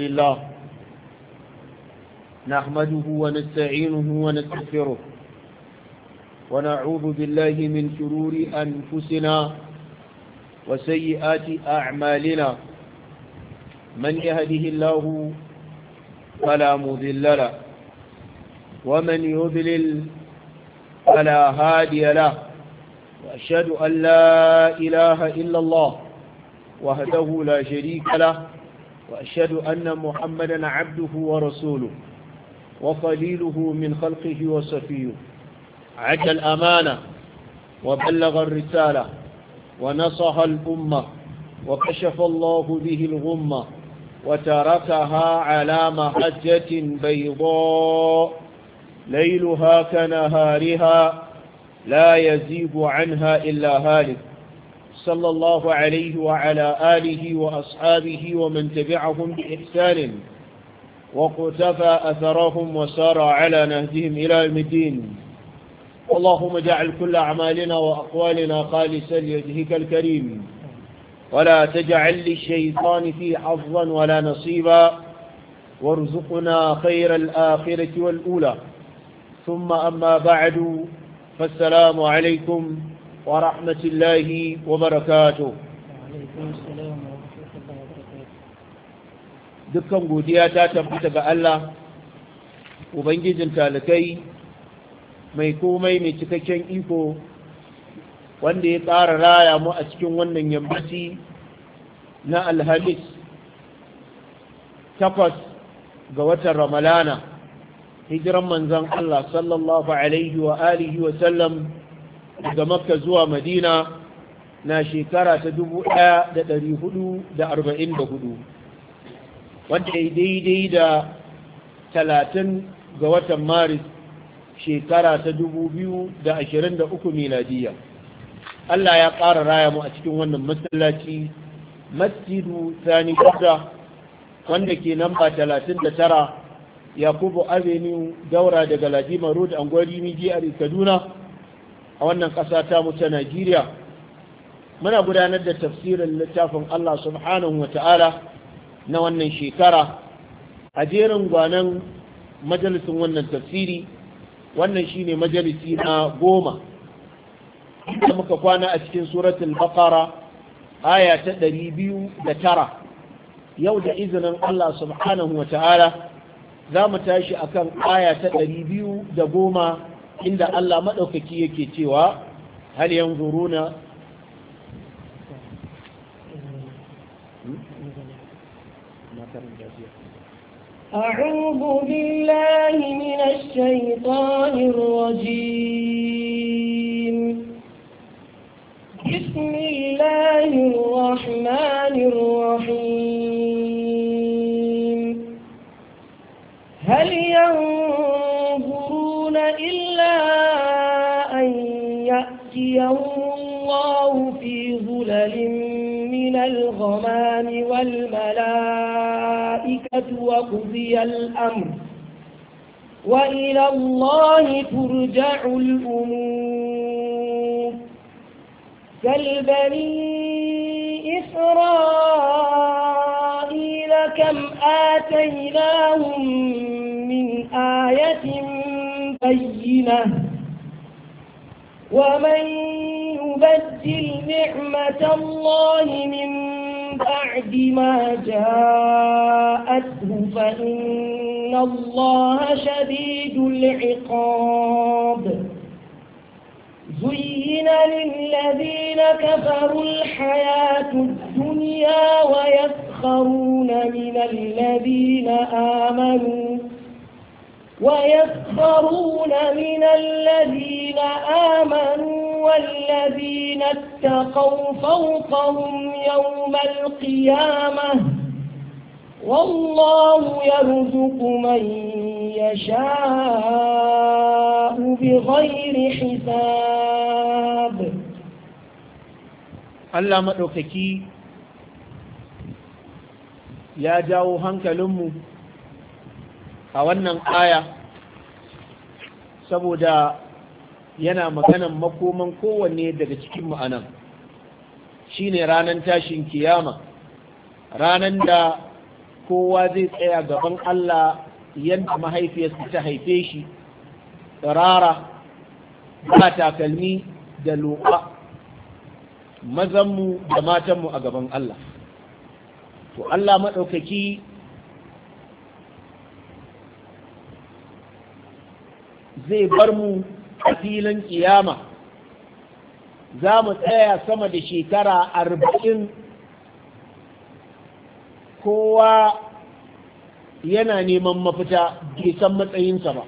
الله نحمده ونستعينه ونستغفره ونعوذ بالله من شرور أنفسنا وسيئات أعمالنا من يهده الله فلا مذل له ومن يذلل فلا هادي له وأشهد أن لا إله إلا الله وهده لا شريك له وأشهد أن محمدا عبده ورسوله وخليله من خلقه وصفيه عجل الأمانة وبلغ الرسالة ونصح الأمة وكشف الله به الغمة وتركها على محجة بيضاء ليلها كنهارها لا يزيب عنها إلا هالك صلى الله عليه وعلى آله وأصحابه ومن تبعهم بإحسان وقتفى أثرهم وسار على نهجهم إلى المدين اللهم اجعل كل أعمالنا وأقوالنا خالصا ليجهك الكريم ولا تجعل للشيطان في حظا ولا نصيبا وارزقنا خير الآخرة والأولى ثم أما بعد فالسلام عليكم ورحمة الله وبركاته dukkan godiya ta tabbata ga Allah ubangijin talakai mai komai mai cikakken iko wanda ya tsara raya mu a cikin wannan yambaci na alhamis takwas ga watan ramalana hijiran manzan Allah sallallahu alaihi wa alihi wa sallam daga makka zuwa madina na shekara ta arba'in 1444 wanda ya daidai da 30 ga watan maris shekara ta 2023 miladiya Allah ya ƙara raya mu a cikin wannan masallaci masjidu sani kuda wanda ke namba tara yakubu avenue daura daga lajima road angwari miji a kaduna a wannan ƙasa ta mu ta Najeriya muna gudanar da tafsirin littafin Allah subhanahu wata'ala na wannan shekara a jerin gwanan majalisin wannan tafsiri wannan shine majalisi na goma da muka kwana a cikin suratul baqara aya ta ɗari biyu da tara yau da izinin Allah subhanahu wata'ala za mu tashi akan aya ta ɗari biyu da goma inda Allah maɗaukaki yake cewa hal yanzuruna أعوذ بالله من الشيطان الرجيم بسم الله الرحمن الرحيم هل ينظرون إلا أن يأتي الله في ظلل من الغمام والملائكة وقضي الأمر وإلى الله ترجع الأمور كالبني إسرائيل كم آتيناهم من آية بينة ومن يبدل نعمة الله من بعد ما جاءته فإن الله شديد العقاب زين للذين كفروا الحياة الدنيا ويسخرون من الذين آمنوا ويسخرون من الذين آمنوا والذين اتقوا فوقهم يوم القيامة والله يرزق من يشاء بغير حساب Allah يا جاو هنك hankalinmu a wannan aya saboda yana maganan makoman kowanne daga cikin ma'anan shine ranar tashin kiyama ranar da kowa zai tsaya gaban Allah yadda mahaifiyarsa ta haife shi tsirara ba takalmi da loɓa mazanmu da matanmu a gaban Allah to Allah maɗaukaki zai bar mu a filin kiyama za mu tsaya sama da shekara arba'in kowa yana neman mafita bai san matsayinsa ba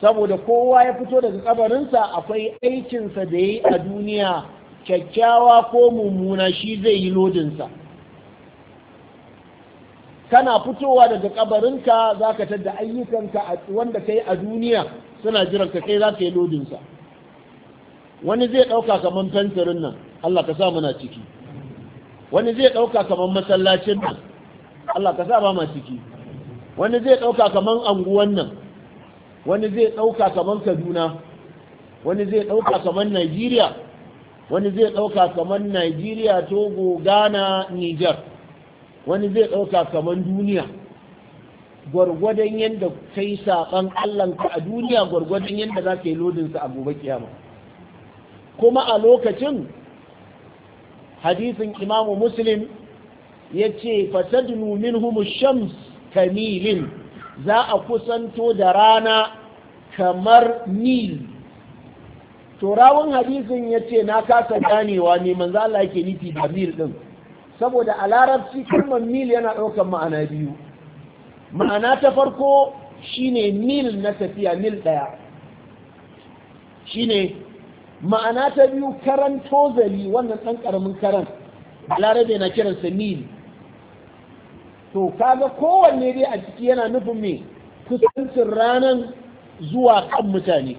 saboda kowa ya fito daga kabarinsa akwai aikinsa da ya yi a duniya kyakkyawa ko mummuna shi zai yi lodinsa kana fitowa daga kabarinka za ka tadda ayyukanka wanda ka yi a duniya suna jiran ka kai za ka yi lodinsa wani zai ɗauka kamar fensirin nan Allah ka sa muna ciki wani zai ɗauka kamar masallacin nan Allah ka sa ba ma ciki wani zai ɗauka kamar anguwan nan wani zai ɗauka kamar kaduna wani zai ɗauka kamar Najeriya, wani zai ɗauka kamar Najeriya, togo ghana niger wani zai ɗauka kamar duniya gwargwadon yadda ka yi saɓan allanka a duniya gwargwadon yadda za ka yi lodinsa a gobe kiyama kuma a lokacin hadisin imamu muslim ya ce fatadnu minhum shams kamilin za a kusanto da rana kamar nil turawan hadisin ya ce na kasa ganewa ne za Allah yake nufi da nil din saboda a larabci kalmar mil yana ɗaukar ma'ana biyu ma'ana ta farko shine mil na tafiya mil ɗaya shine ma'ana ta biyu karan tozali wannan ɗan ƙaramin karan larabe na kiransa mil to kaga kowanne dai a ciki yana nufin me kusancin ranar zuwa kan mutane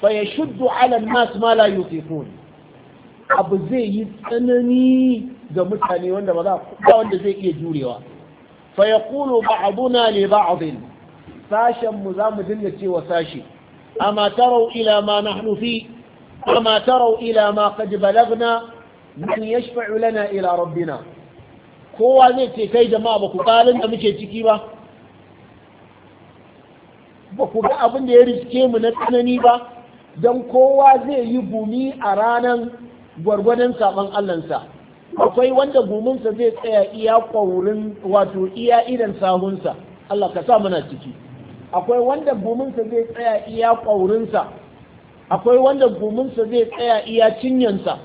fa ya shuddu ala nas ma la yutiqun abu zai yi tsanani ga mutane wanda ba za wanda zai iya jurewa fa yaqulu ba'duna li ba'd sashen mu za mu dinga cewa sashe. amma tarau ila ma na fi amma tarau ila ma qad balagna man yashfa'u lana ila rabbina kowa zai ce kai jama'a ba ku kalin da muke ciki ba ba ku ga abin da ya riske mu na tsanani ba don kowa zai yi gumi a ranar. gwargwadon saban allansa akwai wanda gumunsa zai tsaya iya ƙwaurin wato iya idan sahunsa Allah ka sa mana ciki akwai wanda gumunsa zai tsaya iya ƙwaurinsa akwai wanda gumunsa zai tsaya iya cinyansa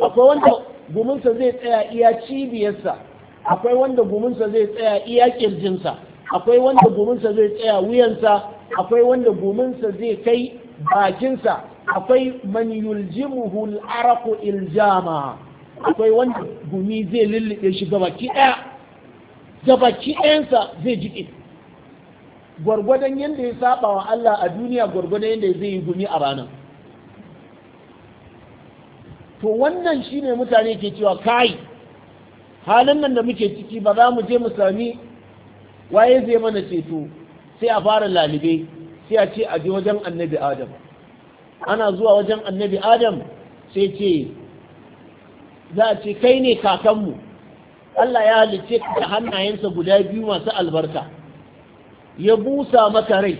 akwai wanda gumunsa zai tsaya iya cibiyarsa akwai wanda gumunsa zai tsaya iya kirjinsa akwai wanda gumunsa zai tsaya wuyansa akwai wanda gumunsa zai kai bakinsa akwai man yuljimuhu al iljama akwai wanda gumi zai lullube shi gabaki ɗaya gabaki ɗayansa zai jiƙe gwargwadon yadda ya saba wa Allah a duniya gwargwadon yadda zai yi gumi a ranar to wannan shine mutane ke cewa kai halin nan da muke ciki ba za mu je mu sami waye zai mana ceto sai a fara lalibe sai a ce a je wajen annabi adam ana zuwa wajen annabi adam sai ce za a ce kai ne kakanmu Allah ya halice ta hannayensa guda biyu masu albarka ya busa maka rai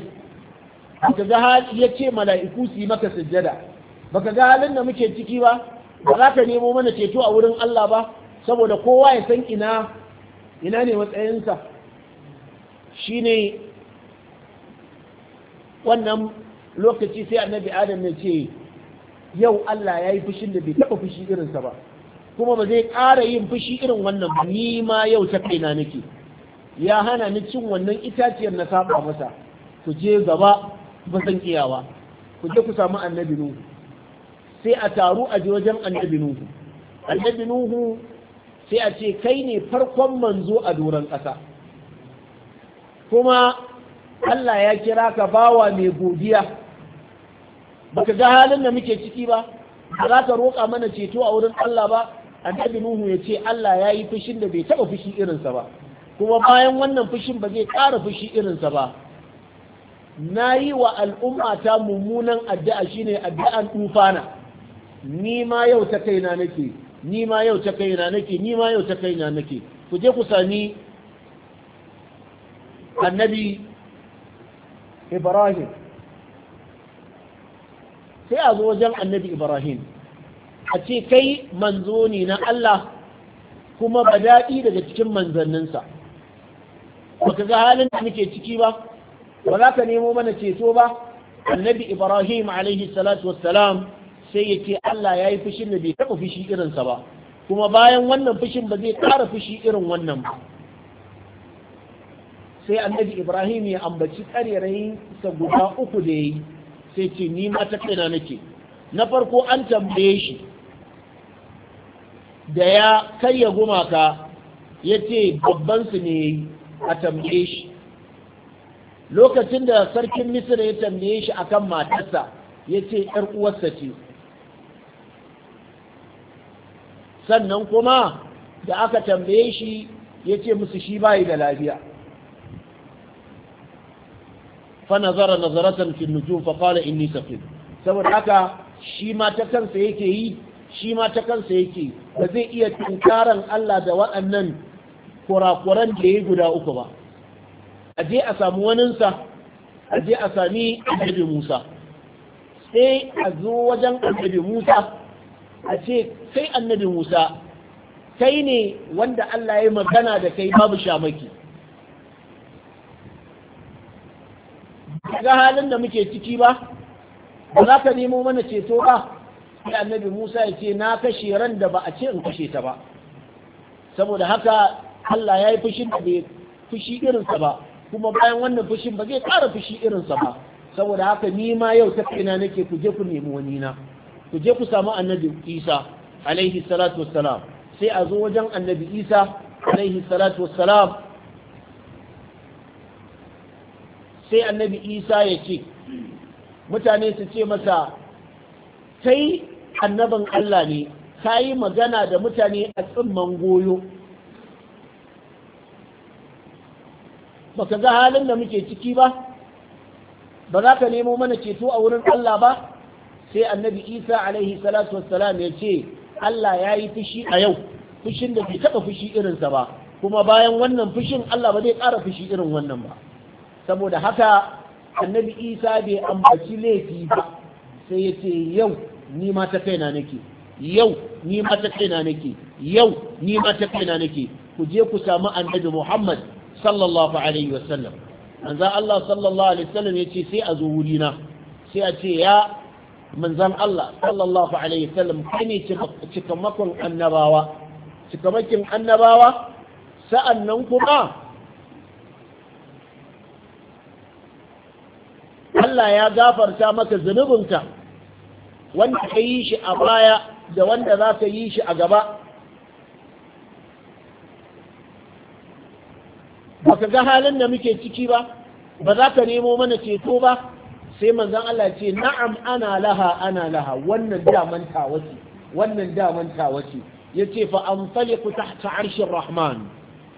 baka ga ya ce mala'iku su yi maka sujjada baka ga halin da muke ciki ba ba za ka nemo mana ceto a wurin Allah ba saboda kowa ya san ina ina ne matsayinsa shine wannan lokaci sai annabi adam ya ce yau Allah ya yi fushin da bai taɓa fushi irinsa ba kuma ba zai ƙara yin fushi irin wannan ba ni ma yau ta kaina nake ya hana ni cin wannan itaciyar na saba masa ku je gaba ba san iyawa ku je ku samu annabi nuhu sai a taru a je wajen annabi nuhu annabi nuhu sai a ce kai ne farkon manzo a doron ƙasa kuma Allah ya kira ka bawa mai godiya Ba ka ga halin da muke ciki ba ba za ka roƙa mana ceto a wurin Allah ba annabi Nuhu ya ce Allah ya yi fushin da bai taɓa fushi irinsa ba kuma bayan wannan fushin ba zai ƙara fushi irinsa ba na yi wa al'ummata mummunan addu'a shine addu'an tufana ni ma yau ta kaina nake ni ma yau ta kaina nake ni ma yau ta kaina nake ku je ku sami annabi ibrahim sai a zo wajen annabi ibrahim a ce kai manzo ne na Allah kuma ba daɗi daga cikin manzanninsa ba ka ga halin da muke ciki ba ba za ka nemo mana ceto ba annabi ibrahim alaihi salatu wassalam sai ya ce Allah ya yi fushin da bai taɓa fushi irinsa ba kuma bayan wannan fushin ba zai ƙara fushi irin wannan ba sai annabi ibrahim ya ambaci ƙarerayin sa guda uku da yi, sai ce ni ma ta kaina nake na farko an tambaye shi da ya karya gumaka ya ce babbansu ne a tambaye shi lokacin da sarkin misira ya tambaye shi a kan matarsa ya ce uwarsa ce sannan kuma da aka tambaye shi ya ce musu shi bayi da lafiya fa nazara nazaratan fil nujum fa qala saboda haka shi ma ta kansa yake yi shi ma ta kansa yake ba zai iya tunkaran Allah da waɗannan kurakuran da ya guda uku ba a je a samu waninsa a je a sami annabi Musa sai a zo wajen annabi Musa a ce kai annabi Musa kai ne wanda Allah ya magana da kai babu shamaki ga halin da muke ciki ba ba za ka nemo mana ceto ba sai annabi Musa ya ce na kashe ran da ba a ce in kashe ta ba saboda haka Allah ya yi fushin da bai fushi irinsa ba kuma bayan wannan fushin ba zai ƙara fushi irinsa ba saboda haka ni ma yau ta kaina nake ku je ku nemi wani na ku je ku samu annabi Isa alaihi salatu wassalam sai a zo wajen annabi Isa alaihi salatu wassalam sai annabi isa ya ce mutane su ce masa kai annabin allah ne ka yi magana da mutane a tsimman goyo ba ka ga halin da muke ciki ba ba za ka nemo mana ceto a wurin allah ba sai annabi isa alaihi salatu wassalam ya ce allah ya yi fushi a yau fushin da bai taɓa fushi irinsa ba kuma bayan wannan fushin allah ba zai ƙara fushi irin wannan ba saboda haka annabi isa bai ambaci laifi ba sai ya ce yau ni ma ta kaina nake yau ni ma ta kaina nake yau ni ma ta kaina nake ku je ku samu annabi muhammad sallallahu alaihi wasallam manzan allah sallallahu alaihi wasallam ya ce sai a zo wurina sai a ce ya manzan allah sallallahu alaihi wasallam kai ne cikamakon annabawa cikamakin annabawa sa'annan kuma Allah ya gafarta maka zunubinka wanda ka yi shi a baya da wanda za ka yi shi a gaba ba ka ga halin da muke ciki ba ba za ka nemo mana ceto ba sai manzan Allah ce na'am ana laha ana laha wannan daman tawaci wannan daman tawaci ya ce fa an ku tahta arshin rahman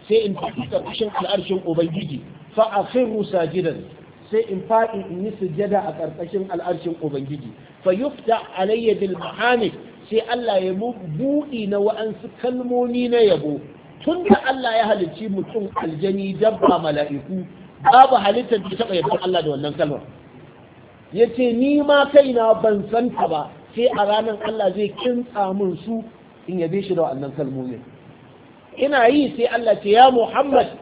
sai in tafi kushin al'arshin ubangiji fa akhiru sajidan sai in faɗi in yi sujada a ƙarƙashin al'arshin ubangiji fa yufta alayya bil mahamid sai Allah ya mu buɗi na wa'ansu kalmomi na yabo tun da Allah ya halicci mutum aljani dabba mala'iku babu halittar da taɓa yabon Allah da wannan kalmar ya ce ni ma kaina ban santa ba sai a ranar Allah zai kintsa min su in yabe shi da wannan kalmomin ina yi sai Allah ce ya Muhammad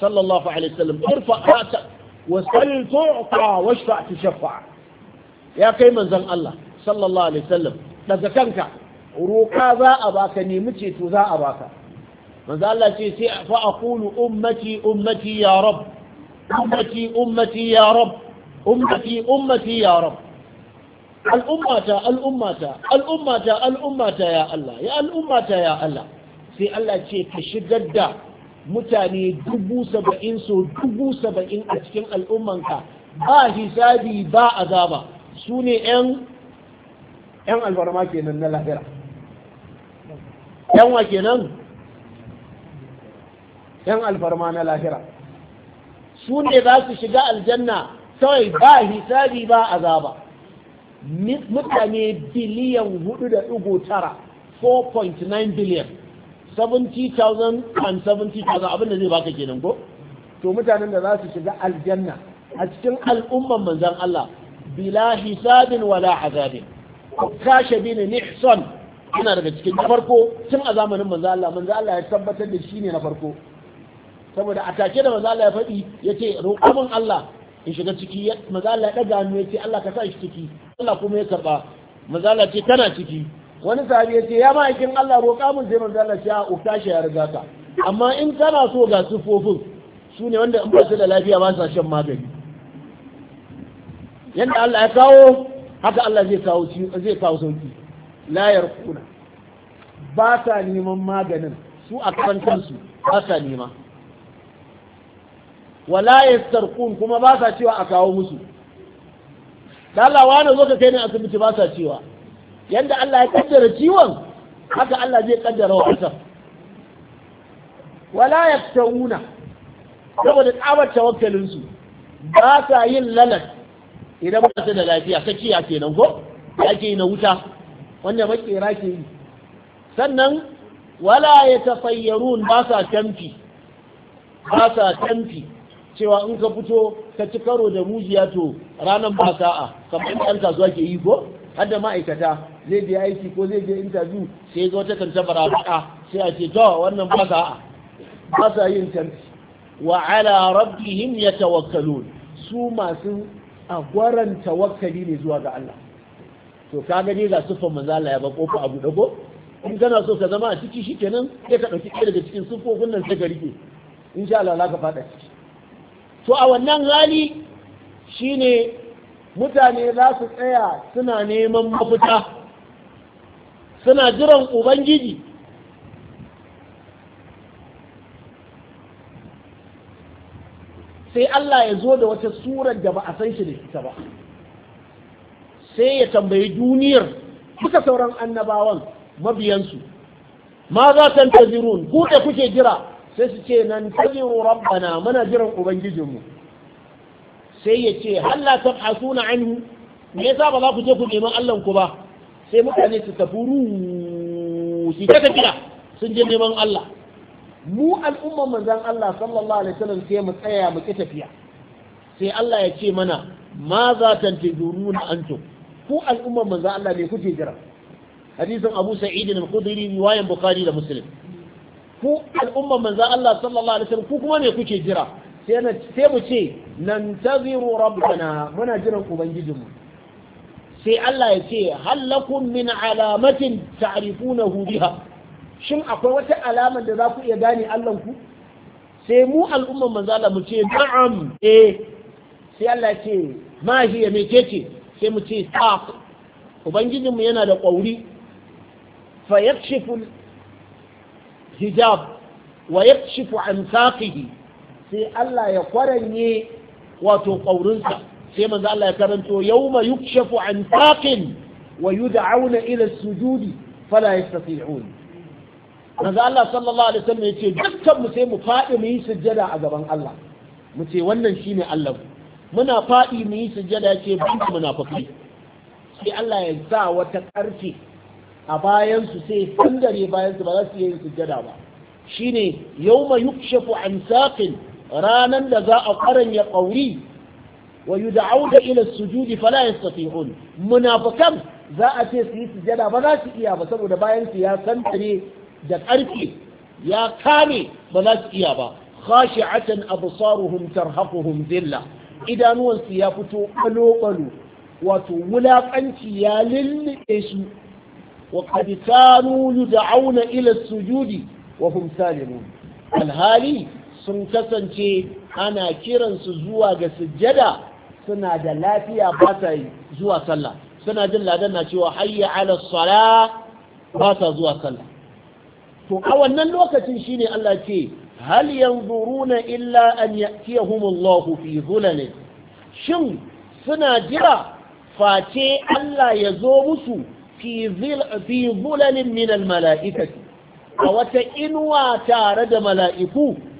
sallallahu alaihi wasallam irfa wasal tu'ta washfa tushaffa ya kai manzon Allah sallallahu alaihi wasallam daga kanka roƙa za a baka nemi to za a baka manzo Allah ce sai fa aqulu ummati ummati ya rab ummati ummati ya rab ummati ummati ya rab al'ummata al'ummata al'ummata al'ummata ya Allah ya al'ummata ya Allah sai Allah ce ka shigar da mutane dubu saba'in so dubu saba'in a cikin al'ummanka ba hisabi ba azaba su ne 'yan albarma kenan na lahira 'yan wa kenan 'yan alfarma na lahira su ne za su shiga aljanna kawai ba hisabi ba azaba mutane biliyan hudu da ɗigo tara 4.9 biliyan 70,000 and 70,000 abinda zai baka kenan ko to mutanen da za su shiga aljanna a cikin al'umman manzan Allah bila hisabin wala azabin kashe bin nihson yana daga cikin na farko tun a zamanin manzan Allah manzan Allah ya tabbatar da shi ne na farko saboda a take da manzan Allah ya faɗi ya ce roƙamin Allah in shiga ciki manzan Allah ya ɗaga hannu ya ce Allah ka sa shi ciki Allah kuma ya karɓa manzan Allah ce kana ciki wani sahabi ya ce ya ma'aikin Allah roƙa mun sai manzo Allah ya ah, ukta shi ya riga ka amma in kana so ga sufofin su ne wanda in ba su da lafiya ba sa shan magani yadda Allah ya kawo haka Allah zai kawo zai kawo sauki la yarquna ba sa neman maganin su a kan kansu ba sa nema wala yastarqun kuma ba sa cewa a kawo musu da Allah wani zo ka kai ne asibiti ba sa cewa yadda Allah ya kaddara ciwon haka Allah zai kaddara wa asar wala ya yaftawuna saboda tsabar tawakkalin su ba sa yin lalat idan ba su da lafiya sakiya kenan ko ke yi na wuta wanda makera ke yi sannan wala ya tafayyarun ba sa tamfi ba sa tamfi cewa in ka fito ka ci karo da mujiya to ranar ba sa'a kamar ɗan kasuwa ke yi ko har da ma'aikata zai je aiki ko zai je intaju sai ga wata kanta barabaka sai a ce to wannan ba sa ba sa yin tanti wa ala rabbihim yatawakkalun su masu agwaran tawakkali ne zuwa ga Allah to ka gani ga sufan manzo Allah ya ba kofa abu dago in kana so ka zama a ciki shikenan sai ka dauki daga cikin sufofin nan sai ka rike insha Allah za ka fada ciki to a wannan hali shine mutane za su tsaya suna neman mafita suna jiran ubangiji sai Allah ya zo da wata surar da ba a san shi da ita ba sai ya tambayi duniyar duka sauran annabawan mabiyansu ma za ta tazirun ku da kuke jira sai su ce nan taziru rabbana muna jiran ubangijinmu sai ya ce halla tab'asuna anhu me yasa ba za ku je ku nemi Allah ku ba sai mutane su tafi ruu su ta tafiya sun je neman Allah mu al'umman manzan Allah sallallahu alaihi wasallam sai mu tsaya mu ki tafiya sai Allah ya ce mana ma za tantizuruna antum ku al'umman manzan Allah ne kuke jira hadisin Abu Sa'id al-Khudri riwayan Bukhari da Muslim ku al'umman manzan Allah sallallahu alaihi wasallam ku kuma ne kuke jira sai mu ce nan taziru rabbana muna jiran ubangijinmu sai Allah ya ce hallakun min alamatin ta'rifunahu biha shin akwai wata alamar da za ku iya gane Allah ku sai mu al'umman manzala mu ce na'am eh sai Allah ya ce ma hiya mecece sai mu ce saq ubangijinmu yana da ƙauri. fa yakshifu hijab wa yakshifu an saqihi sai Allah ya kwaranye wato ƙaurinsa sai manzo Allah ya karanto yawma yukshafu an taqin wa yud'auna ila sujudi fala yastati'un manzo Allah sallallahu alaihi wasallam yace dukkan mu sai mu fadi mu yi sujjada a gaban Allah mu ce wannan shine Allah muna fadi mu yi sujjada yace na munafikai sai Allah ya sa wata ƙarfe a bayan su sai sandare bayan su ba za su yi sujjada ba shine yawma yukshafu an saqin ranan da za a ya ƙauri wa yud'auna ila sujudi fala hun, munafakan za a ce su yi sujada ba za su iya ba saboda bayan su ya santare da ƙarfi ya kame ba za su iya ba khashi'atan absaruhum tarhaquhum zilla idanuwan su ya fito kalo wato wulaƙanci ya lillibe su wa qad kanu yud'auna ila sujudi wa hum salimun alhali sun kasance ana kiransu zuwa ga sujjada suna da lafiya ba ta zuwa sallah suna jin ladan na cewa hayya ala sala ba ta zuwa sallah to a wannan lokacin shine Allah ce hal yanzuruna illa an ya'tiyahumullahu fi dhulalin shin suna jira face Allah ya zo musu fi zulalin min mala'ikati a wata inuwa tare da mala'iku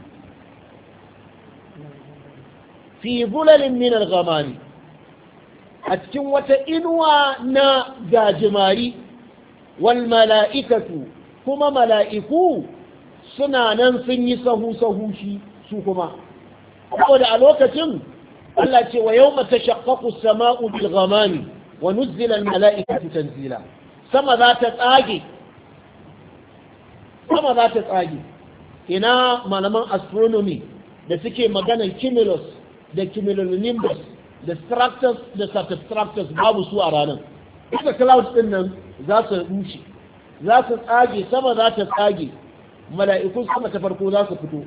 fi zulalin min al a cikin wata inuwa na gajimari wal mala'ikatu kuma mala'iku suna nan sun yi sahu sahu shi su kuma saboda a lokacin Allah ce wa yawma tashaqqaqu as-sama'u bil ghamami wa nuzzila mala'ikatu tanzila sama za ta tsage sama za ta tsage ina malaman astronomy da suke maganar cumulus da cumulonimbus da structures da substructures babu su a ranar duka clouds din nan za su rushe za su tsage sama za ta tsage mala'ikun sama ta farko za su fito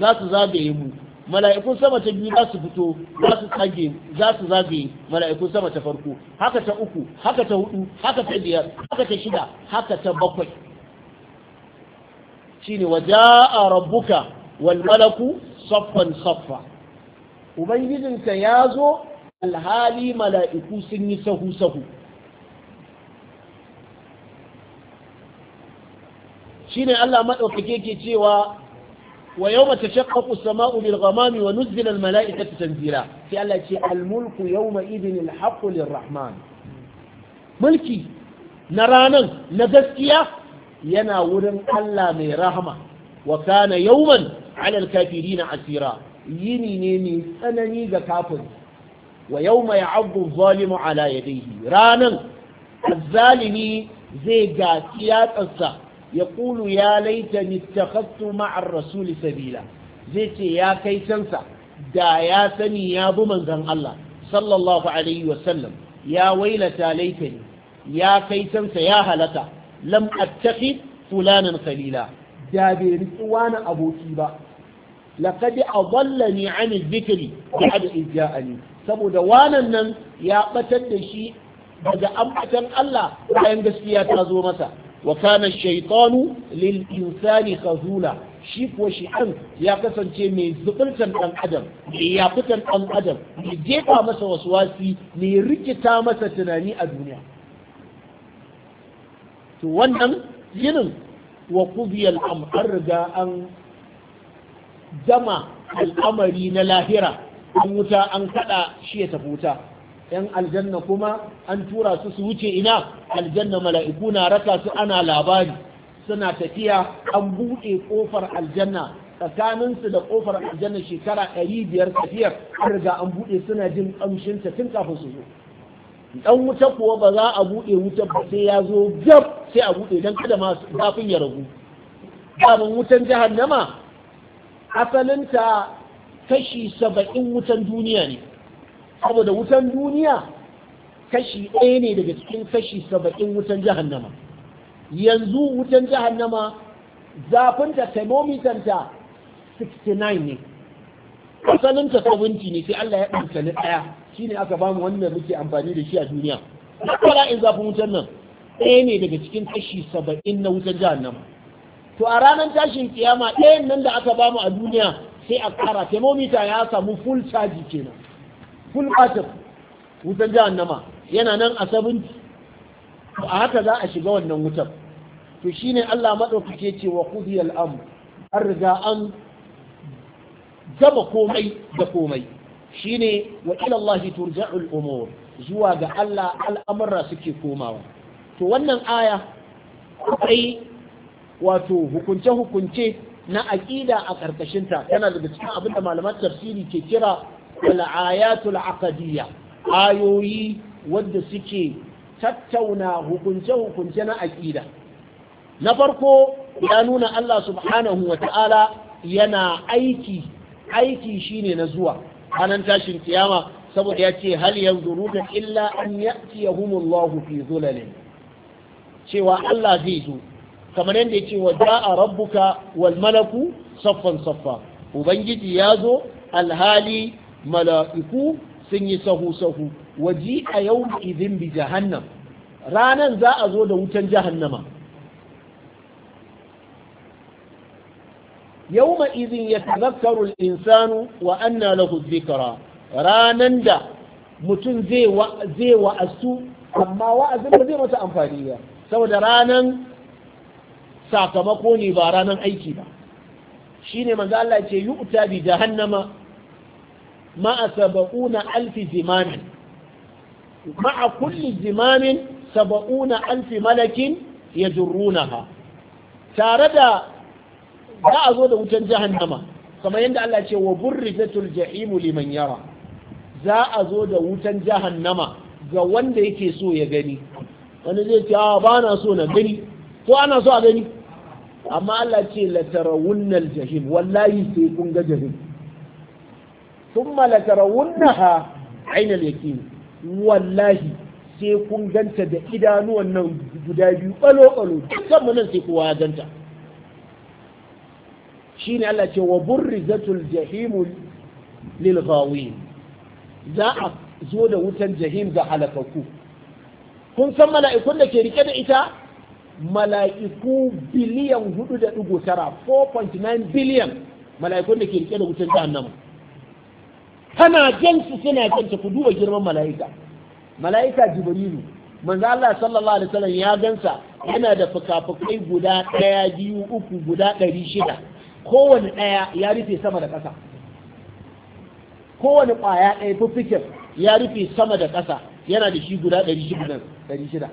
za su zagaye mu mala'ikun sama ta biyu za su fito za su tsage za su zagaye mala'ikun sama ta farko haka ta uku haka ta hudu haka ta biyar haka ta shida haka ta bakwai shine waja'a rabbuka wal malaku saffan saffa Ubangijinsa ya zo alhali mala'iku sun yi sahu-sahu shine Allah maɗaukake ke cewa wa yau mace shakkaku sama'u bil ghamami wa nuzzilan mala'ikatu tanzila sai Allah ce al-mulku yawma idhin rahman mulki na ranan na gaskiya yana wurin Allah mai rahama wa kana yawman 'ala kafiri na asira yini ne mai tsanani ga kafin wa yau mai abu zalimu ala yadayhi ranan azzalimi zai ga kiyatsarsa ya kulu ya laita nittakhattu ma'ar Rasuli sabila zai ce ya kai cansa da ya sani ya bi manzan Allah sallallahu alaihi wasallam ya wailata laitani ya kai cansa ya halata lam attakhid fulanan khalila da bai riki wani aboki ba laqad adallani an dhikri ba'da ijja'ani saboda wanan nan ya batar da shi daga ambatan Allah bayan gaskiya ta zo masa wa kana shaitanu lil insani khazula shi kuwa shi'an ya kasance mai zubultan ɗan adam mai yafutan ɗan adam mai jefa masa wasu wasi mai rikita masa tunani a duniya to wannan yinin wa kubiyal am an riga an Zama al'amari na lahira an wuta an kada shi ya tafi wuta yan aljanna kuma an tura su su wuce ina aljanna mala'iku na raka su ana labari suna tafiya an buɗe ƙofar aljanna tsakaninsu da ƙofar aljanna shekara ɗari biyar tafiyar an riga an buɗe suna jin ƙamshin ta tun kafin su zo dan wuta kuwa ba za a buɗe wuta ba sai ya zo gab sai a buɗe dan kada ma zafin ya ragu daman wutan jahannama asalinta kashi saba'in wutan duniya ne saboda wutan duniya kashi ɗaya ne daga cikin kashi saba'in wutan jahannama yanzu wutan jahannama zafinta thermometerta 69 ne asalinta 70 ne sai Allah ya ɗanta na ɗaya shi ne aka bamu wannan muke amfani da shi a duniya in zafin wutan nan ɗaya ne daga cikin kashi saba'in na wutan jahannama to a ranar tashin kiyama ɗayan nan da aka bamu a duniya sai a ƙara thermometer ya samu full charge kenan full battery wutan jahannama yana nan a 70 to a haka za a shiga wannan wutar to shine Allah madaukake ce wa qudiyal amr har riga an gama komai da komai shine wa ila Allah turja'ul umur zuwa ga Allah al'amura suke komawa to wannan aya akwai wato hukunce-hukunce na aƙida a ƙarƙashinta yana daga cikin abinda malaman tafsiri ke kira al'ayatul aqadiyya ayoyi wadda suke tattauna hukunce-hukunce na aƙida na farko ya nuna Allah subhanahu wa ta'ala yana aiki aiki shine na zuwa Hanan tashin kiyama saboda ya ce hal yanzuruna illa an ya'tiyahumullahu fi zulalin cewa Allah zai zo kamar yadda ya ce wa da'a rabbuka wal malaku saffan saffa ubangiji ya zo alhali mala'iku sun yi sahu sahu waji a yau idin bi jahannam ranan za a zo da wutan jahannama yawma izin ya tazakkaru insanu wa anna lahu dhikra ranan da mutum zai wa'azu amma wa'azin ba zai masa amfani ba saboda ranan sakamako ne ba ranar aiki ba shine manzo Allah ce yu'ta bi jahannama ma'a sab'una alf zimam ma'a kulli zimam sab'una alfi malakin ha. tare da za a zo da wutan jahannama kamar yadda Allah ce wa burrizatul jahimu liman yara za a zo da wutan jahannama ga wanda yake so ya gani wani zai ce a ah, ba na so na gani ko ana so a gani amma Allah ce la tarawunnal jahim wallahi sai kun ga jahim thumma la tarawunnaha ainal yaqin wallahi sai kun ganta da idanuwan nan guda biyu balo balo dukkan nan sai kowa ya ganta Shi ne Allah ce wa burrizatul jahim lil ghawin za a zo da wutan jahim ga halakaku kun san mala'ikun da ke rike da ita mala'iku biliyan da tara 4.9 biliyan mala'ikun da ke rike da wutar jahannama tana jansu suna jansu ku duba girman mala'ika mala'ika jibrilu manzo Allah sallallahu alaihi wasallam ya gansa yana da fukafukai guda ɗaya biyu uku guda ɗari shida kowane ɗaya ya rufe sama da ƙasa kowane kwaya ɗaya fiffikin ya rufe sama da ƙasa yana da shi guda ɗari shida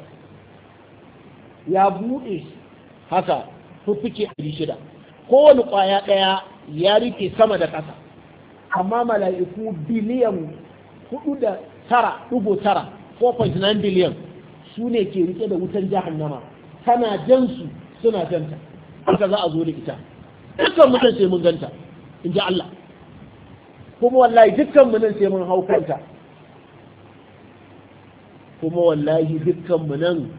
ya buɗe haka fuffuke ɗari shida kowane ƙwaya ɗaya ya rike sama da ƙasa amma mala'iku biliyan hudu da tara ɗigo tara 4.9 biliyan su ne ke rike da wutan jahannama tana jan su suna janta haka za a zo da ita dukkan mutum sai mun ganta in ji Allah kuma wallahi dukkan mutum sai mun hau kanta kuma wallahi dukkan nan.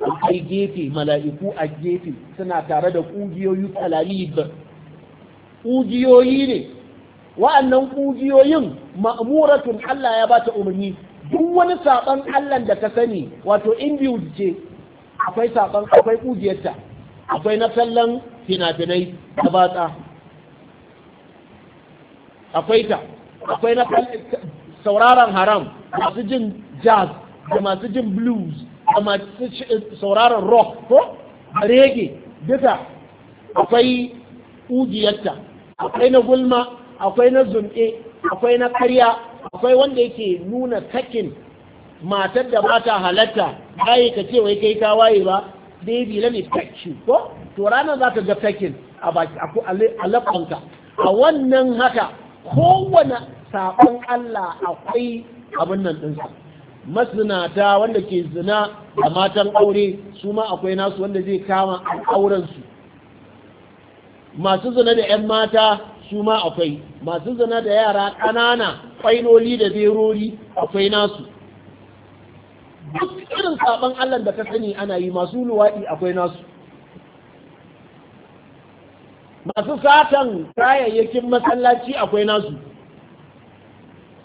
akwai gefe mala'iku a gefe suna tare da ƙugiyoyi talalib ƙugiyoyi ne wa'annan ƙugiyoyin ma'amuratun Allah ya ba ta umarni duk wani saɓon Allah da ka sani wato indiyu ce akwai saɓon akwai ƙugiyarta akwai na kallon fina-finai ta batsa akwai ta akwai na sauraron haram masu jin jazz da masu jin blues da masu eh, sauraron rock ko rege duka akwai ugiyarta akwai na gulma akwai na zunɗe akwai na karya akwai wanda yake nuna takin matar da ba ta halatta bayi ka ce wai kai kawaye ba baby let me touch you ko to ranar za ka ga takin a baki a lafanka a wannan haka kowane sabon Allah akwai abin nan ɗinsa masinata wanda ke zina a matan aure su ma akwai nasu wanda zai kama aurensu masu zina da 'yan mata su ma akwai masu zina da yara ƙanana kwainoli da berori akwai nasu duk irin sabon allah da ka sani ana yi masu luwaɗi akwai nasu masu satan kayayyakin masallaci akwai nasu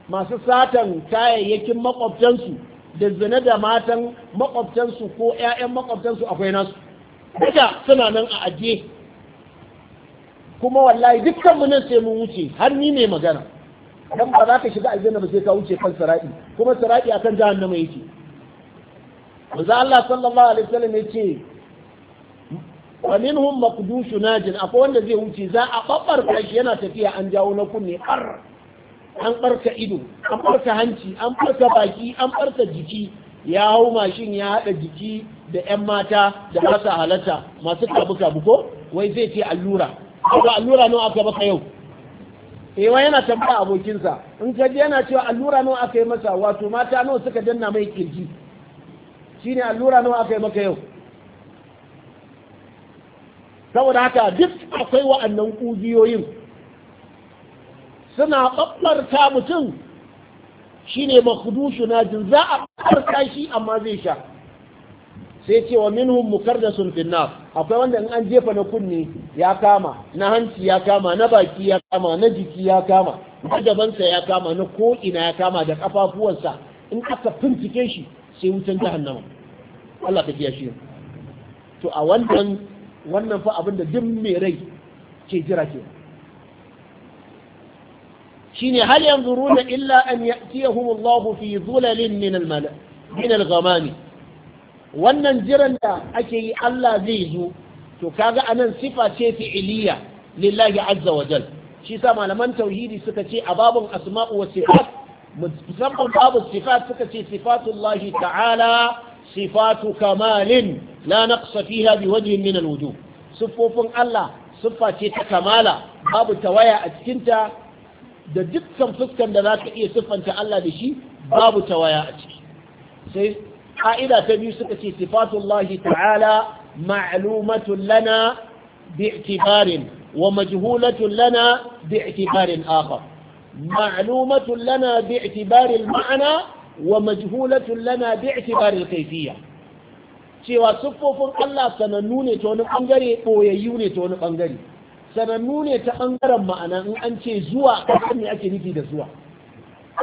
masu satan kayayyakin makwabtansu da zane da matan makwabtansu ko 'ya'yan makwabtansu akwai nasu duka suna nan a ajiye kuma wallahi dukkan mu nan sai mun wuce har ni ne magana dan ba za ka shiga aljanna ba sai ka wuce kan sarai kuma sirati akan jahannama yake manzo Allah sallallahu alaihi wasallam yace wa minhum maqdushu najin akwai wanda zai wuce za a babbar yana tafiya an jawo na kunne an ɓarka ido an ɓarka hanci an ɓarka baki an ɓarka jiki ya hau mashin ya haɗa jiki da 'yan mata da ba halatta masu kabu-kabu ko wai zai ce allura ba allura nawa aka baka yau ewa eh, yana tambaya abokinsa in ka je yana cewa allura nawa aka yi masa wato mata nawa suka danna mai kirji shine allura nawa aka yi maka yau saboda haka duk akwai wa'annan ƙugiyoyin suna ɓaɓɓarta mutum shi ne makudushu najin za a ɓarka shi amma zai sha sai ce wa da sun finna akwai wanda in an jefa na kunni ya kama na hanci ya kama na baki ya kama na jiki ya kama na gabansa ya kama na ko'ina ya kama da kafafuwansa in aka fincike shi sai wutan jahannama Allah ka kiyaye to a wannan wannan fa abin da duk mai rai ke jira kenan shine hal yanzuruna illa an ya'tiyahum fi zulalin min al-mala min al-ghamam wannan jiran da ake yi Allah zai zo to kaga anan sifa ce fi'iliya lillahi azza wa jal shi sa malaman tauhidi suka ce a asma'u wa sifat musamman babu sifat suka ce sifatullahi ta'ala sifatu kamalin la naqsa fiha biwajhin min alwujuh sifofin Allah siffa ce ta kamala babu tawaya a cikinta da dukkan fuskan da za ka iya siffanta Allah da shi babu tawaya a ciki sai ƙa'ida ta biyu suka ce sifatullahi ta'ala ma'lumatun lana bi'tibarin wa majhulatun lana bi'tibarin akhar ma'lumatun lana bi'tibarin ma'ana wa majhulatun lana bi'tibarin kaifiyya cewa siffofin Allah sanannu ne ta wani bangare boyayyu ne ta wani bangare sanannu ne ta ɓangaren ma'ana in an ce zuwa ƙasar ne ake nufi da zuwa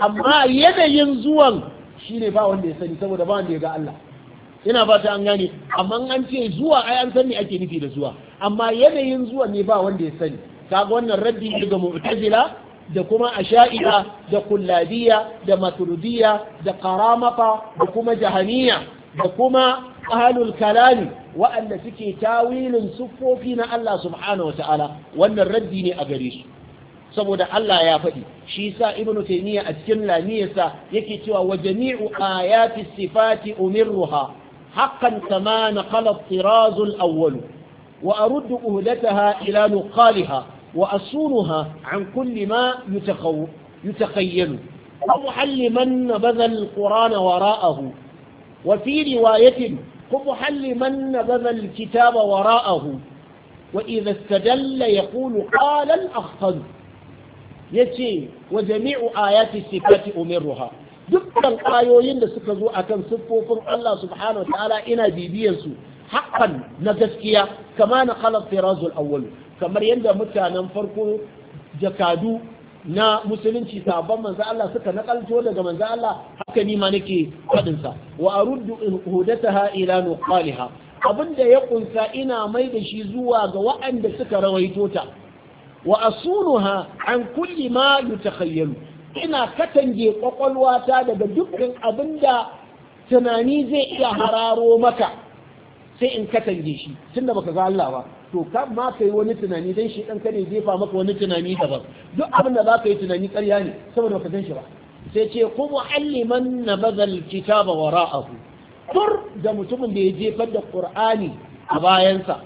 amma yanayin zuwan shi ne ba wanda ya sani saboda ba wanda ya ga Allah ina ta an gane amma an ce zuwa ai an sani ake nufi da zuwa amma yanayin zuwan ne ba wanda ya sani kaga wannan raddi ne ga mu'tazila da kuma asha'ira da kulladiya da maturidiya da karamata da kuma jahaniya da kuma ahalul kalami waɗanda suke tawilin siffofi na Allah subhanahu wataala wannan raddi ne a gare su saboda Allah ya faɗi shi sa ibnu taymiya a cikin lamiyarsa yake cewa wa jami'u ayati sifati umirruha haqqan kama naqala at-tiraz al-awwal wa aruddu uhdataha ila nuqaliha wa asunuha an kulli ma yutakhayyalu ومحلما نبذ القرآن وراءه وفي رواية قبحا لمن نبذ الكتاب وراءه وإذا استدل يقول قال الأخطل يتي وجميع آيات الصفات أمرها dukkan ayoyin da suka zo akan siffofin Allah subhanahu ta'ala ina bibiyan su haƙan na gaskiya kama na khalaq firazul awwal kamar yadda mutanen farko jakadu na musulunci sabon manzo Allah suka nakalto daga manzo Allah haka ni ma nake fadin sa wa aruddu hudataha ila nuqaliha abinda ya kunsa ina mai da shi zuwa ga waɗanda suka rawaito ta wa asunuha an kulli ma yutakhayyalu ina katange kwakwalwata daga dukkan abinda tunani zai iya hararo maka sai in katange shi tunda baka ga Allah ba to ka ma kai wani tunani dan shi dan kare jefa maka wani tunani daban duk abin da zaka yi tunani ƙarya ne saboda baka san shi ba sai ce ku mu'alliman nabadhal kitaba wara'ahu tur da mutumin da ya jefar da qur'ani a bayansa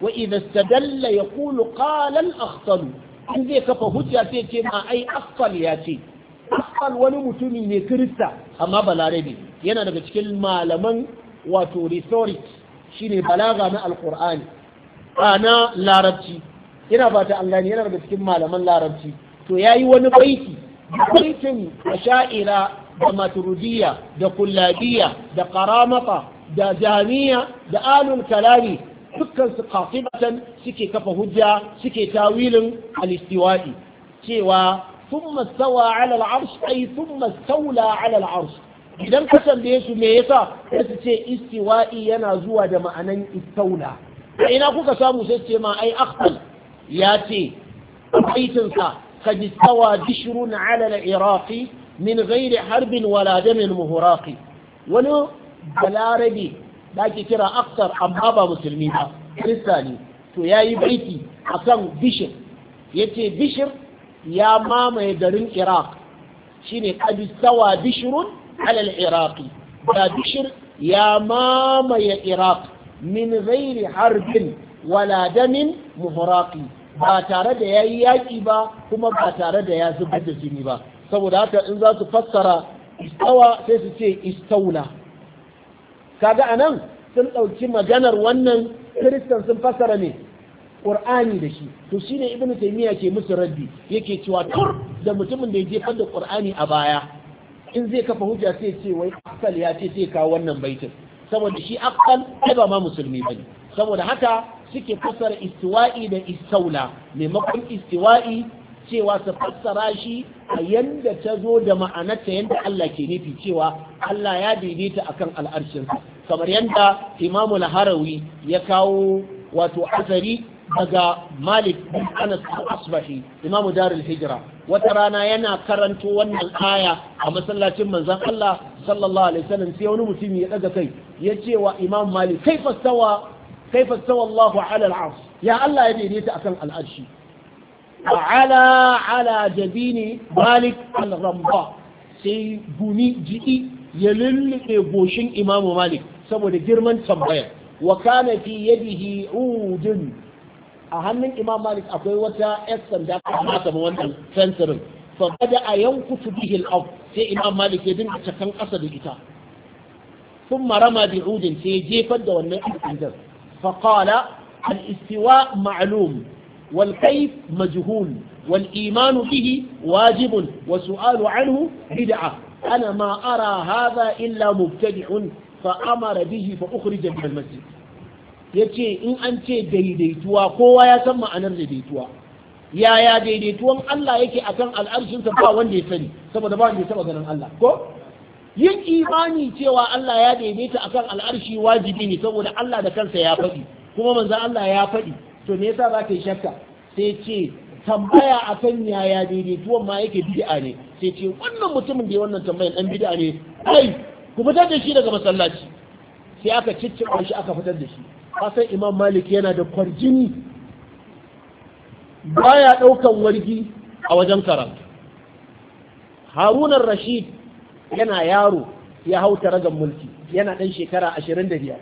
wa idha istadalla yaqulu qala al-akhtal in zai kafa hujja sai ce ma ai Asfal ya ce Asfal wani mutumi ne kirista amma balarabe yana daga cikin malaman wato rhetoric ne balaga na alkur'ani na larabci ina fata ta ne yana daga cikin malaman larabci to ya yi wani baiti da sha'ira da maturidiyya da kullabiyya da karamata da jami'a da alul kalami dukkan su qatibatan suke kafa hujja suke tawilin al cewa sun stawa 'ala al sun ay thumma idan ka tambaye su me yasa sai su ce istiwa'i yana zuwa da ma'anan istaula ina kuka samu sai ce ma ai akhtal ya ce aitin sa kad istawa bishrun ala al-iraqi min ghairi harbin wala damin muhraqi wani balarabe da ake kira Aksar amma ba musulmi ba ne. to yayi baiti akan bishir yace bishir ya mamaye garin iraq shine kad istawa bishrun alal iraqi da bishir ya mamaye iraq min zairi harbin wala damin ba tare da yayi yaƙi ba kuma ba tare da ya zubar da jini ba saboda haka in za su fassara istawa sai su ce istaula kaga anan sun ɗauki maganar wannan kiristan sun fassara ne ƙur'ani da shi to ne ibnu taymiya ke musu raddi yake cewa tur da mutumin da ya jefar da ƙur'ani a baya in zai kafa hujja sai ce wai akal ya ce sai kawo wannan baitin saboda shi akal ai ba ma musulmi bane saboda haka suke fassara istiwa'i da istaula maimakon istiwa'i cewa su fassara shi a yanda ta zo da ma'anarta yanda Allah ke nufi cewa Allah ya daidaita akan al'arshinsa kamar yanda Imam al-Harawi ya kawo wato azari daga Malik bin Anas al-Asbahi Imam Darul Hijra wata rana yana karanto wannan aya a masallacin manzan Allah sallallahu alaihi wasallam sai wani mutum ya daga kai ya ce wa Imam Malik kaifa stawa kaifa stawa Allahu ala al-arsh ya Allah ya daidaita akan al-arshi ala ala jabini Malik al-Ramba sai gumi jiki ya lullube goshin Imam Malik saboda girman tambaya wa kana fi yadihi udun a hannun Imam Malik akwai wata 'yan sanda ta mata wannan fensirin fa bada yankutu bihi al-ard sai imam malik ya dinga cakan ƙasa da ita sun marama bi udin sai ya jefar da wannan al'adar faƙala al'istiwa ma'lum wal kaif majhul wal imanu bihi wajibun wa su'alu anhu bid'a ana ma ara hadha illa mubtadi'un fa amara bihi fa ukuri min al-masjid yace in an ce daidaituwa kowa ya san ma'anar daidaituwa yaya daidaituwan Allah yake akan al'arshinsa ba wanda ya sani saboda ba wanda ya taba ganin Allah ko yin imani cewa Allah ya daidaita akan al'arshi wajibi ne saboda Allah da kansa ya faɗi kuma manzo Allah ya faɗi to me yasa za ka yi shakka sai ce tambaya akan yaya daidaituwan ma yake bid'a ne sai ce wannan mutumin da ya wannan tambayan dan bid'a ne ai ku fitar da shi daga masallaci sai aka cicciɓa shi aka fitar da shi kasan imam malik yana da kwarjini baya ɗaukan wargi a wajen karatu harunan rashid yana yaro ya hau ragan mulki yana ɗan shekara ashirin da biyar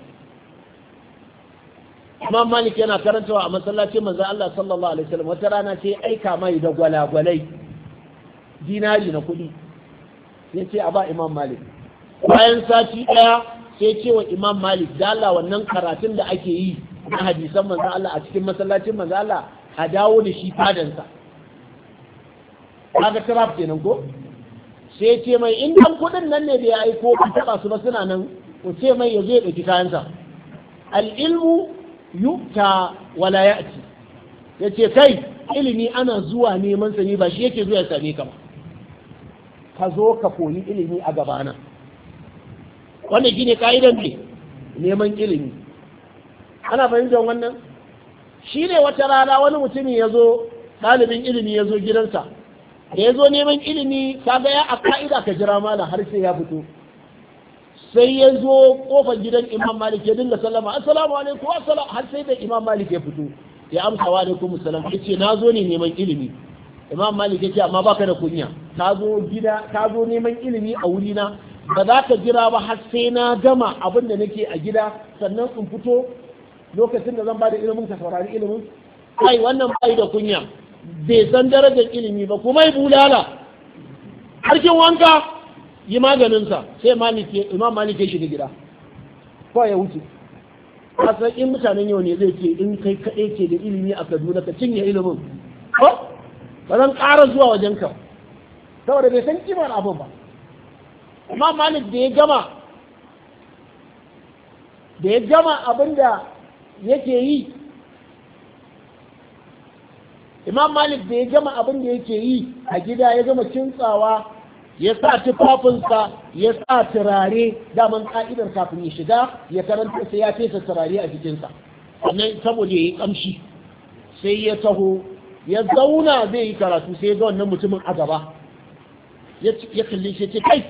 imam malik yana karantawa a masallacin manzo Allah sallallahu alaihi wasallam wata rana ce aika mai da gwalagwalai dinari na kuɗi ya ce a ba imam malik bayan sati ɗaya sai ce wa imam malik da Allah wannan karatun da ake yi na hadisan manzo Allah a cikin masallacin manzo Allah a dawo da shi fadansa kaga trap kenan ko sai ce mai in dan kudin nan ne da ya aiko ka taba su ba suna nan ko ce mai yazo ya dauki kayansa al ilmu yukta wala ya'ti yace kai ilimi ana zuwa neman sani ba shi yake zuwa sani kama ba ka zo ka koyi ilimi a gabana wannan shine ka'idan ne neman ilimi ana fahimtar wannan shi ne wata rana wani mutumin ya zo ɗalibin ilimi ya zo gidansa da ya zo neman ilimi kaga ya a ka'ida ka jira mana har sai ya fito sai ya zo kofar gidan imam malik ya dinga sallama assalamu alaikum assalamu har sai da imam malik ya fito ya amsa wa alaikum salam ya ce na zo ne neman ilimi imam malik ya ce amma baka da kunya ka zo gida ka zo neman ilimi a wurina ba za ka jira ba har sai na gama abin da nake a gida sannan in fito lokacin da zan ba da ilimin ka saurari ilimin kai wannan bai da kunya bai san darajar ilimi ba kuma yi bulala harkin wanka yi maganinsa sai imam malik ya shiga gida ko ya wuce kasan in mutanen yau ne zai ce in kai kaɗai ke da ilimi a kaduna ka cinye ilimin ko ba zan ƙara zuwa wajen ka saboda bai san kimar abin ba imam malik da ya gama da ya gama abin da yake yi imam malik da ya gama abin da yake yi a gida ya gama kintsawa ya sa tufafinsa ya sa turare daman ka'idar kafin ya shiga ya karanta sai ya fesa turare a jikinsa sannan saboda ya yi kamshi sai ya taho ya zauna zai yi karatu sai ya ga wannan mutumin a gaba ya kalli shi ce kai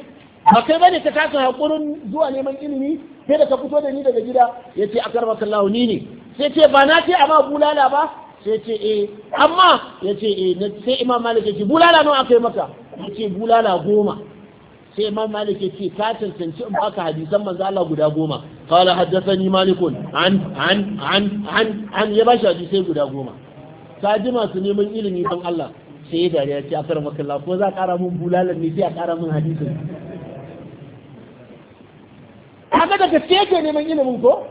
ba kai bane ka kasa hakurin zuwa neman ilimi sai da ka fito da ni daga gida ya ce a karba kallahu ni ne sai ce ba na ce amma bulala ba sai ce eh amma ya ce eh sai imam malik ya ce bulala nawa aka yi maka ya ce bulala goma sai imam malik ya ce ka cancanci in baka hadisan manzo Allah guda goma qala haddathani malikun an an an an an ya bashi hadisai guda goma Ta ji masu neman ilimi don Allah sai ya dariya ce a karba kallahu ko za a kara mun bulalan ne sai a kara mun hadisin haka da gaske yake neman ilimin ko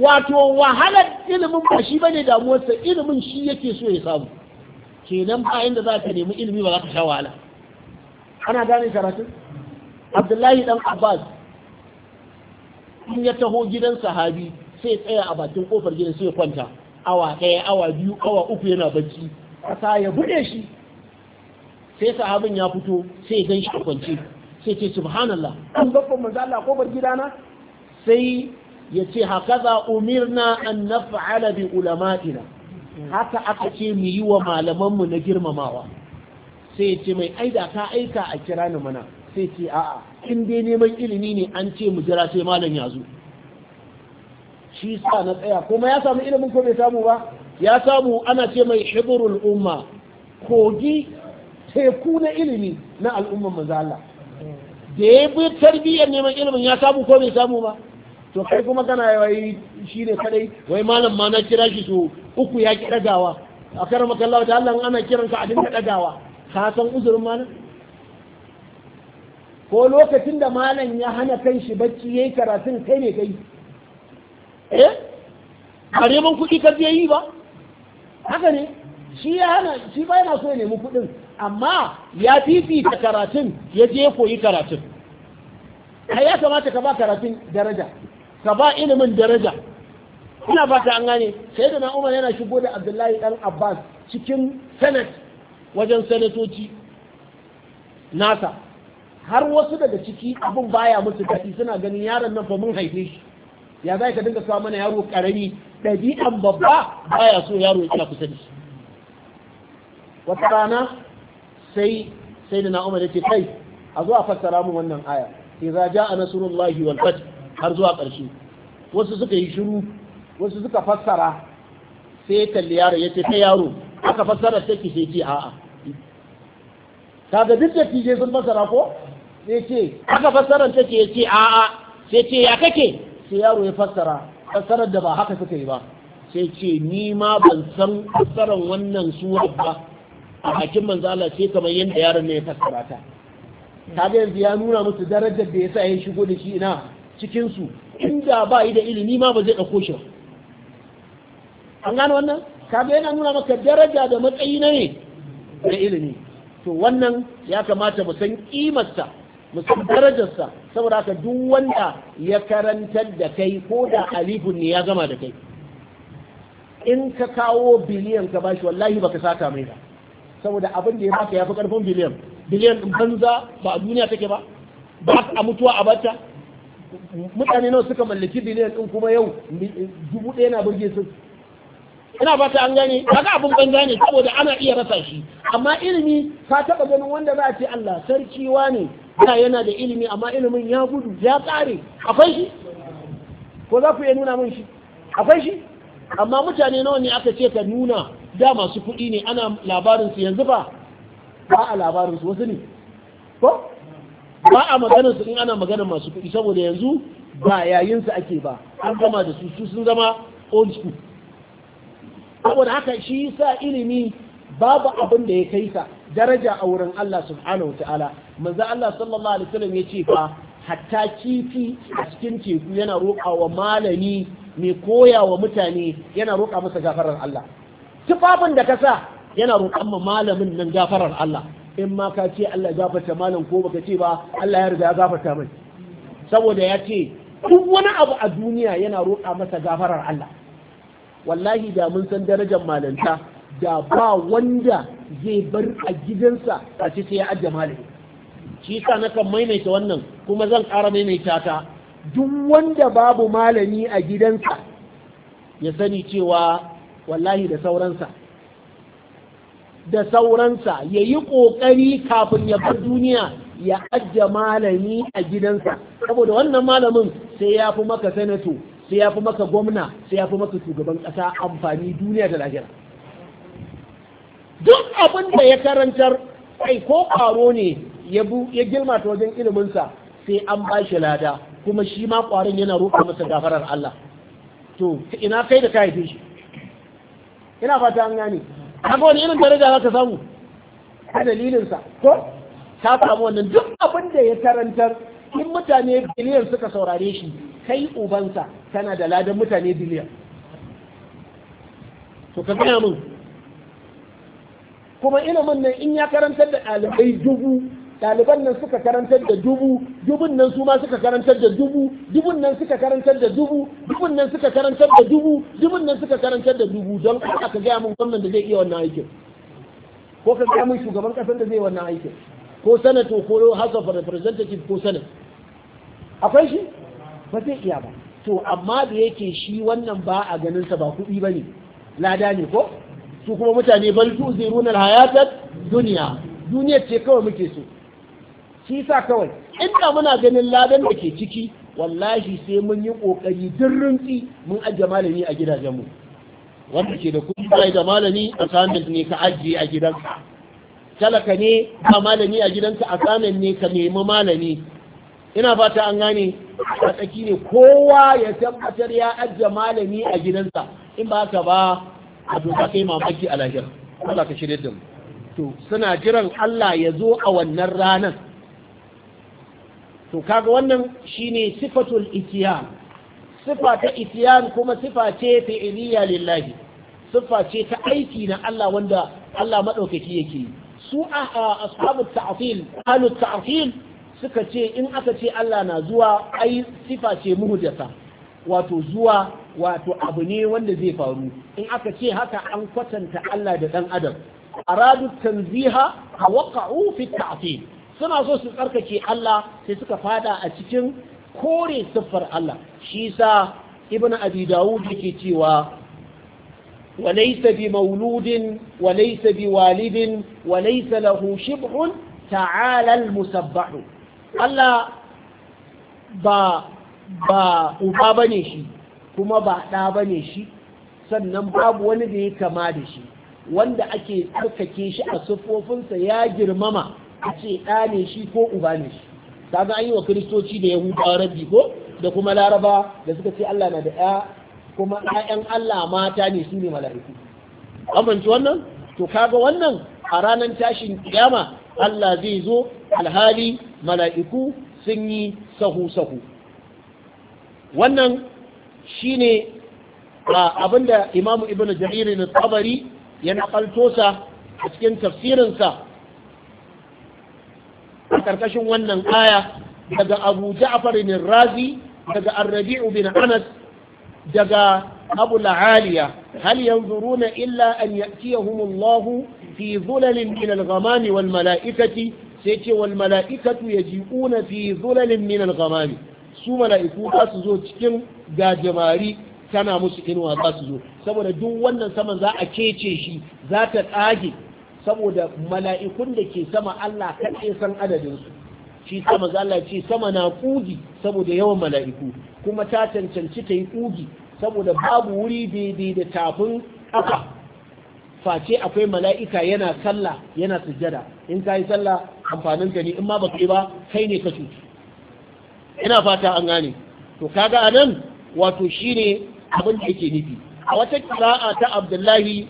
wato wahalar ilimin ba shi bane damuwarsa ilimin shi yake so ya samu kenan ba inda za ka nemi ilimi ba za ka sha wahala ana gane karatun abdullahi dan abbas in ya taho gidan sahabi sai tsaya a bakin kofar gidan sai ya kwanta awa ɗaya awa biyu awa uku yana bacci kasa ya buɗe shi sai sahabin ya fito sai ya gan shi a kwance sai ce subhanallah an babban manzo Allah ko bar gidana sai ya ce hakaza umirna an naf'ala bi ulama'ina haka aka ce mu yi wa malamanmu na girmamawa sai ce mai aida ka aika a kira ni mana sai ce a'a in dai neman ilimi ne an ce mu jira sai malam ya zo shi sa na tsaya kuma ya samu ilimin ko bai samu ba ya samu ana ce mai hibirul umma kogi teku na ilimi na al'umman manzo Allah da ya bi tarbiyyar neman ilimin ya samu ko bai samu ba to kai kuma kana wai shi ne kadai wai malam ma na kira shi su uku ya ki ɗagawa a karan makallawa ta Allah ana ka a dinga ɗagawa ka san uzurin malam ko lokacin da malam ya hana kan shi bacci ya yi karatun kai ne kai eh a neman kuɗi ka biya yi ba haka ne shi ya hana shi ba yana so ya nemi kuɗin amma ya fifita karatun ya je koyi karatun Kai ya kamata ka ba karatun daraja ka ba ilimin daraja ina fata an gane sai da umar yana shigo da abdullahi Ɗan abbas cikin senat wajen sanatoci nasa har wasu daga ciki abin baya musu daɗi suna ganin yaron nan fa mun haife shi ya za ka dinga mana yaro karami ɗabi'an babba baya so yaro ya kusa da shi wata rana sai sai da na'umar yace kai a zuwa fassara mu wannan aya idza jaa nasrullahi wal fath har zuwa ƙarshe wasu suka yi shiru wasu suka fassara sai kalli yaro yace kai yaro aka fassara sai ki sai ce a'a kaga duk da kije sun fassara ko sai ce aka fassara take yace a'a sai ce ya kake sai yaro ya fassara fassarar da ba haka suka yi ba sai ce ni ma ban san fassarar wannan suwar ba a bakin manzala ce kamar yadda yaron ne ya fassara ta ga yanzu ya nuna musu darajar da ya sa ya shigo da shi ina cikin su inda ba yi da ilimi ma ba zai dauko shi an gano wannan ga yana nuna maka daraja da matsayi na ne da ilimi to wannan ya kamata mu san kimarsa mu san darajarsa saboda haka duk wanda ya karantar da kai ko da alifun ne ya gama da kai in ka kawo biliyan ka bashi wallahi baka saka mai ba saboda abin da ya baka ya fi karfin biliyan biliyan din banza ba a duniya take ba ba a mutuwa a bata mutane nawa suka mallaki biliyan din kuma yau dubu ɗaya na burge su ina ta an gane ga abin banza ne saboda ana iya rasa shi amma ilimi ka taba ganin wanda za a ce Allah sarki ne da yana da ilimi amma ilimin ya gudu ya tsare akwai shi ko za ku iya nuna min shi akwai shi amma mutane nawa ne aka ce ka nuna da masu kuɗi ne ana labarinsu yanzu ba ba a labarinsu wasu ne ko ba a maganarsu in ana maganar masu kuɗi saboda yanzu ba yayinsu ake ba an gama da su su sun zama old school saboda haka shi sa ilimi babu abin da ya kai ka daraja a wurin Allah subhanahu ta'ala manzo Allah sallallahu alaihi wasallam ya ce fa hatta kifi a cikin teku yana roƙawa malami mai koya wa mutane yana roƙa masa gafarar Allah tufafin da ka sa yana roƙon ma malamin nan gafarar Allah in ma ka ce Allah ya gafarta malam ko baka ce ba Allah ya riga ya gafarta mai saboda ya ce duk wani abu a duniya yana roƙa masa gafarar Allah wallahi da mun san darajar malanta da ba wanda zai bar a gidansa a ce sai ya ajiye malami shi sa nakan maimaita wannan kuma zan ƙara maimaita ta duk wanda babu malami a gidansa ya sani cewa wallahi da sauransa da sauransa ya yi ƙoƙari kafin ya bar duniya ya ajiye malami a gidansa saboda wannan malamin sai ya fi maka sanato sai ya fi maka gwamna sai ya fi maka shugaban ƙasa amfani duniya da lahira duk abin da ya karantar kai ko ƙwaro ne ya girma ta wajen iliminsa sai an ba shi lada kuma shi ma ƙwarin yana roƙa masa gafarar Allah to ina kai da ka haife shi ina fata an gane haka wani irin daraja za ka samu a dalilinsa ko ta samu wannan duk abin da ya tarantar in mutane biliyan suka saurare shi kai ubansa tana da ladan mutane biliyan to ka gaya min kuma ilimin nan in ya karantar da ɗalibai dubu ɗaliban nan suka karantar da dubu dubun nan su ma suka karantar da dubu dubun nan suka karantar da dubu dubun nan suka karantar da dubu dubun nan suka karantar da dubu don aka gaya min gwamnan da zai iya wannan aikin ko ka gaya min shugaban ƙasar da zai wannan aikin ko sanato ko house of representative ko sanin? akwai shi ba zai iya ba to amma da yake shi wannan ba a ganin sa ba kuɗi ba ne lada ne ko su kuma mutane bal tu zirunal hayatat duniya duniyar ce kawai muke so shi sa kawai inda muna ganin ladan da ke ciki wallahi sai mun yi kokari duk rinki mun ajiye malami a gidajenmu wanda ke da kuma bai da malami assignment ne ka ajiye a gidanka talaka ne ba malami a gidanka assignment ne ka nemi malami ina fata an gane a tsaki ne kowa ya tabbatar ya ajiye malami a gidansa in ba ka ba a doka kai mamaki a lahira Allah ka shirye da mu to suna jiran Allah ya zo a wannan ranar to kaga wannan shine sifatul itiyan sifa ta itiyan kuma sifa ce fi'iliya lillahi sifa ce ta aiki na Allah wanda Allah madaukaki yake su ashabu ta'til ahlu ta'til suka ce in aka ce Allah na zuwa ai sifa ce muhdasa wato zuwa wato abu ne wanda zai faru in aka ce haka an kwatanta Allah da dan adam aradu tanziha a waqa'u fi ta'til suna so su tsarkake Allah sai suka fada a cikin kore siffar Allah shi sa ibn abi dawud yake cewa وليس bi وليس بوالد وليس له شبع تعالى المسبح الله Allah ba uba bane shi kuma ba ɗa bane shi sannan babu wani da ya kama da shi wanda ake tsarkake shi a siffofinsa ya girmama a ce ɗa ne shi ko uba ne shi kaga an yi wa kiristoci da yahudawa rabbi ko da kuma laraba da suka ce Allah na da ɗaya kuma ɗayan Allah mata ne su ne mala'iku amince wannan to kaga wannan a ranar tashin kiyama Allah zai zo alhali mala'iku sun yi sahu-sahu wannan shine abinda imamu ibnu jarir na tabari ya nakalto a cikin tafsirinsa karkashin wannan aya daga abu ja'far bin razi daga arrabi'u bin anas daga abu la'aliya hal yanzuruna illa an ya'tiyahumullahu fi zulalin min al-ghamami wal mala'ikati sai ce wal mala'ikatu yaji'una fi zulalin min al-ghamami su mala'iku za su zo cikin gajimari tana musu inuwa za su zo saboda duk wannan saman za a kece shi za ta tsage saboda mala'ikun da ke sama Allah kaɗe san adadinsu shi sama Allah ce sama na ƙugi saboda yawan mala'iku kuma ta cancanci ta yi ƙugi saboda babu wuri daidai da tafin ƙafa face akwai mala'ika yana sallah yana sujjada in ka yi sallah amfanin ka ne in ma ba kai ba kai ne ka cuci ina fata an gane to kaga anan wato shine abin da yake nufi a wata kira'a ta abdullahi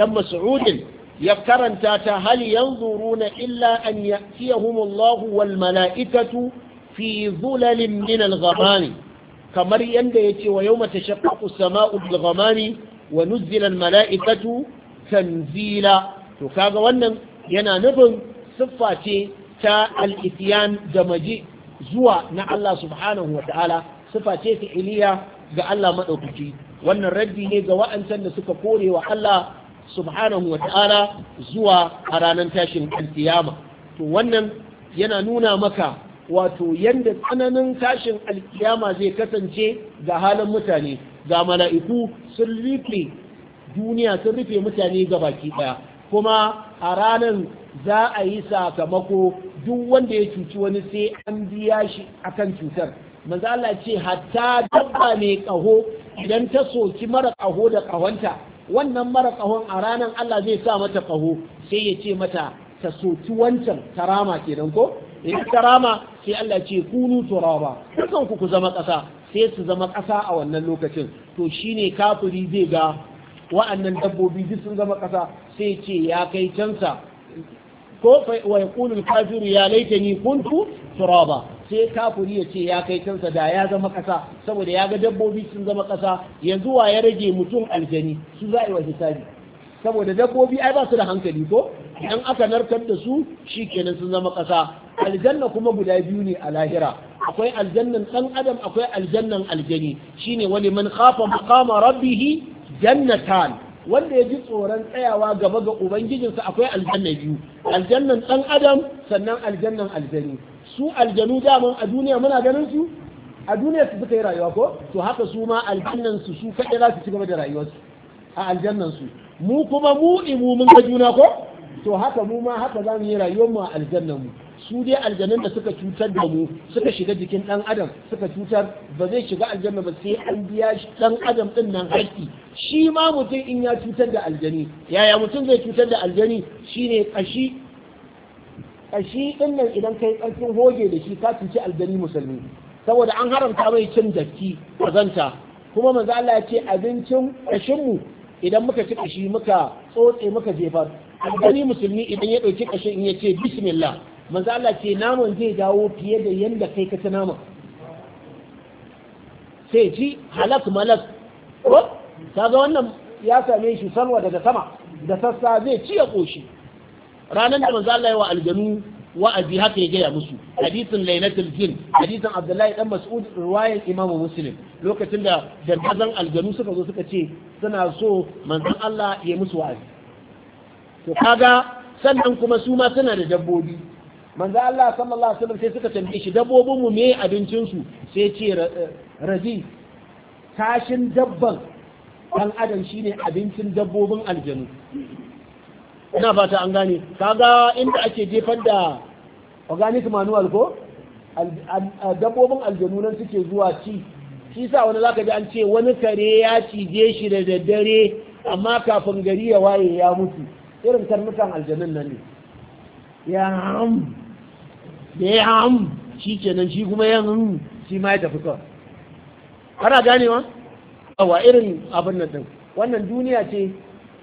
dan mas'udin ya karanta ta hal runa illa an ya'tiyahumullahu wal mala'ikatu fi zulalin min al-ghamam kamar yanda yace wa yawma tashaqqaqu as-sama'u bil ghamam wa nuzila al-mala'ikatu tanzila to kaga wannan yana nufin siffa ce ta al-ityan da maji zuwa na Allah subhanahu wa ta'ala siffa ce fi'iliya ga Allah madaukaki wannan raddi ne ga wa'ancan da suka kore wa Allah subhanahu wa ta'ala zuwa a ranar tashin alkiyama to wannan yana nuna maka wato yanda tsananin tashin alkiyama zai kasance ga halin mutane ga mala'iku sun rufe duniya sun rufe mutane ga baki ɗaya kuma a ranar za a yi sakamako duk wanda ya cuci wani sai an biya shi akan cutar manzo Allah ce hatta dabba ne kaho idan ta soki mara kaho da kahonta wannan mara ƙahon a ranar Allah zai sa mata ƙaho sai ya ce mata ta soci wancan tarama kenan ko idan tarama sai Allah ce kunu turaba dukan ku ku zama ƙasa sai su zama ƙasa a wannan lokacin to shi ne kafiri zai ga wa'annan dabbobi duk sun zama ƙasa sai ce ya kai cansa ko wa kafiru ya laitani kuntu turaba sai kafuri ya ce ya kai kansa da ya zama ƙasa saboda ya ga dabbobi sun zama ƙasa yanzu wa ya rage mutum aljani su za a yi wa hisabi saboda dabbobi ai ba su da hankali ko idan aka narkar da su shi kenan sun zama ƙasa aljanna kuma guda biyu ne a lahira akwai aljannan ɗan adam akwai aljannan aljani shine wani man khafa maqama rabbih jannatan wanda ya ji tsoron tsayawa gaba ga ubangijinsa akwai aljanna biyu aljannan ɗan adam sannan aljannan aljani su aljanu daman a duniya muna ganin su a duniya su suka yi rayuwa ko to haka su ma aljannan su su za su ci gaba da rayuwarsu a aljannan su mu kuma mu imu mun ga juna ko to haka mu ma haka za mu yi rayuwar mu a aljannan mu su dai aljanun da suka cutar da mu suka shiga jikin dan adam suka cutar ba zai shiga aljanna ba sai an biya shi dan adam din nan haƙƙi shi ma mutum in ya cutar da aljani yaya mutum zai cutar da aljani shine kashi kashi din nan idan kai tsarkin hoge da shi ka cuci aljani musulmi saboda an haramta mai cin datti kazanta kuma manzo Allah ya ce abincin kashin mu idan muka ci kashi muka tsotse muka jefa aljani musulmi idan ya ɗauki kashin in ya ce bismillah manzo Allah ce naman zai dawo fiye da yanda kai ka ci naman sai ji halak malak ko kaga wannan ya same shi salwa daga sama da sassa zai ci ya koshi ranar da manzo Allah ya wa aljanu wa'azi haka ya gaya musu hadisin lainatul jin hadisin abdullahi dan mas'ud riwayar imam muslim lokacin da dandazan aljanu suka zo suka ce suna so manzo Allah ya musu wa'azi to kaga sannan kuma su ma suna da dabbobi manzo Allah sallallahu alaihi wasallam sai suka tambaye shi dabbobin mu me abincin su sai ce razi kashin dabban dan adam shine abincin dabbobin aljanu ina fata an gane kaga inda ake jefar da organic manual ko dabbobin aljanu nan suke zuwa ci shi sa wani zaka ji an ce wani kare ya cije shi da daddare amma kafin gari ya waye ya mutu irin karnukan aljanun nan ne ya ham da ya ham shi kenan shi kuma yan shi ma ya tafi kawai ana ganewa wa irin abin nan din wannan duniya ce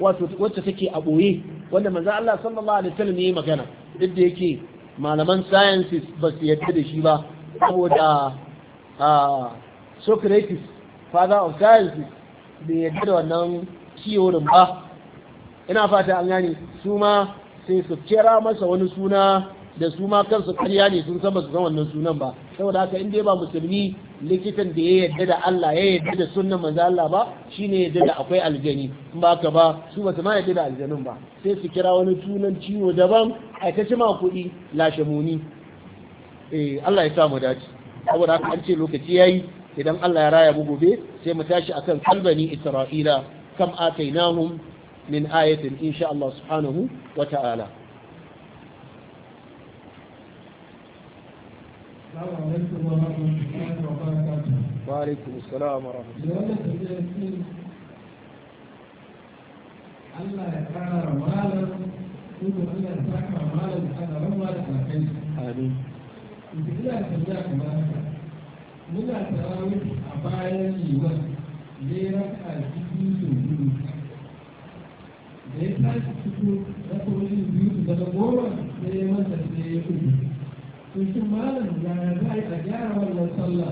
wato wacce take a ɓoye wanda manzo Allah sallallahu alaihi wasallam yayi magana duk da yake malaman sciences ba su yadda da shi ba saboda Socrates father of sciences bai yadda da wannan theorin ba ina fata an gane su ma sai su kera masa wani suna da su ma kansu karya ne sun san ba su san wannan sunan ba saboda haka in dai ba musulmi likitan da ya yadda da Allah ya yadda da sunnan manzo Allah ba shine yadda da akwai aljani in ba ka ba su ba ma yadda da aljanin ba sai su kira wani tunan ciwo daban a ta ci ma kuɗi lashe muni eh Allah ya sa mu dace saboda haka an ce lokaci yayi idan Allah ya raya mu gobe sai mu tashi akan kalbani Isra'ila kam atainahum min ayatin insha Allah subhanahu wa ta'ala وعليكم السلام ورحمة الله Allah ya kara malam kuma Allah ya saka malam da aka rama da alkai. Amin. Idan ina tambaya kamar haka, muna tarawih a bayan liman ne raka biyu da biyu. Da ya tashi fito na kuma yin biyu daga goma sai ya manta sai ya kudu. Kushin malam ya za a gyara wannan sallah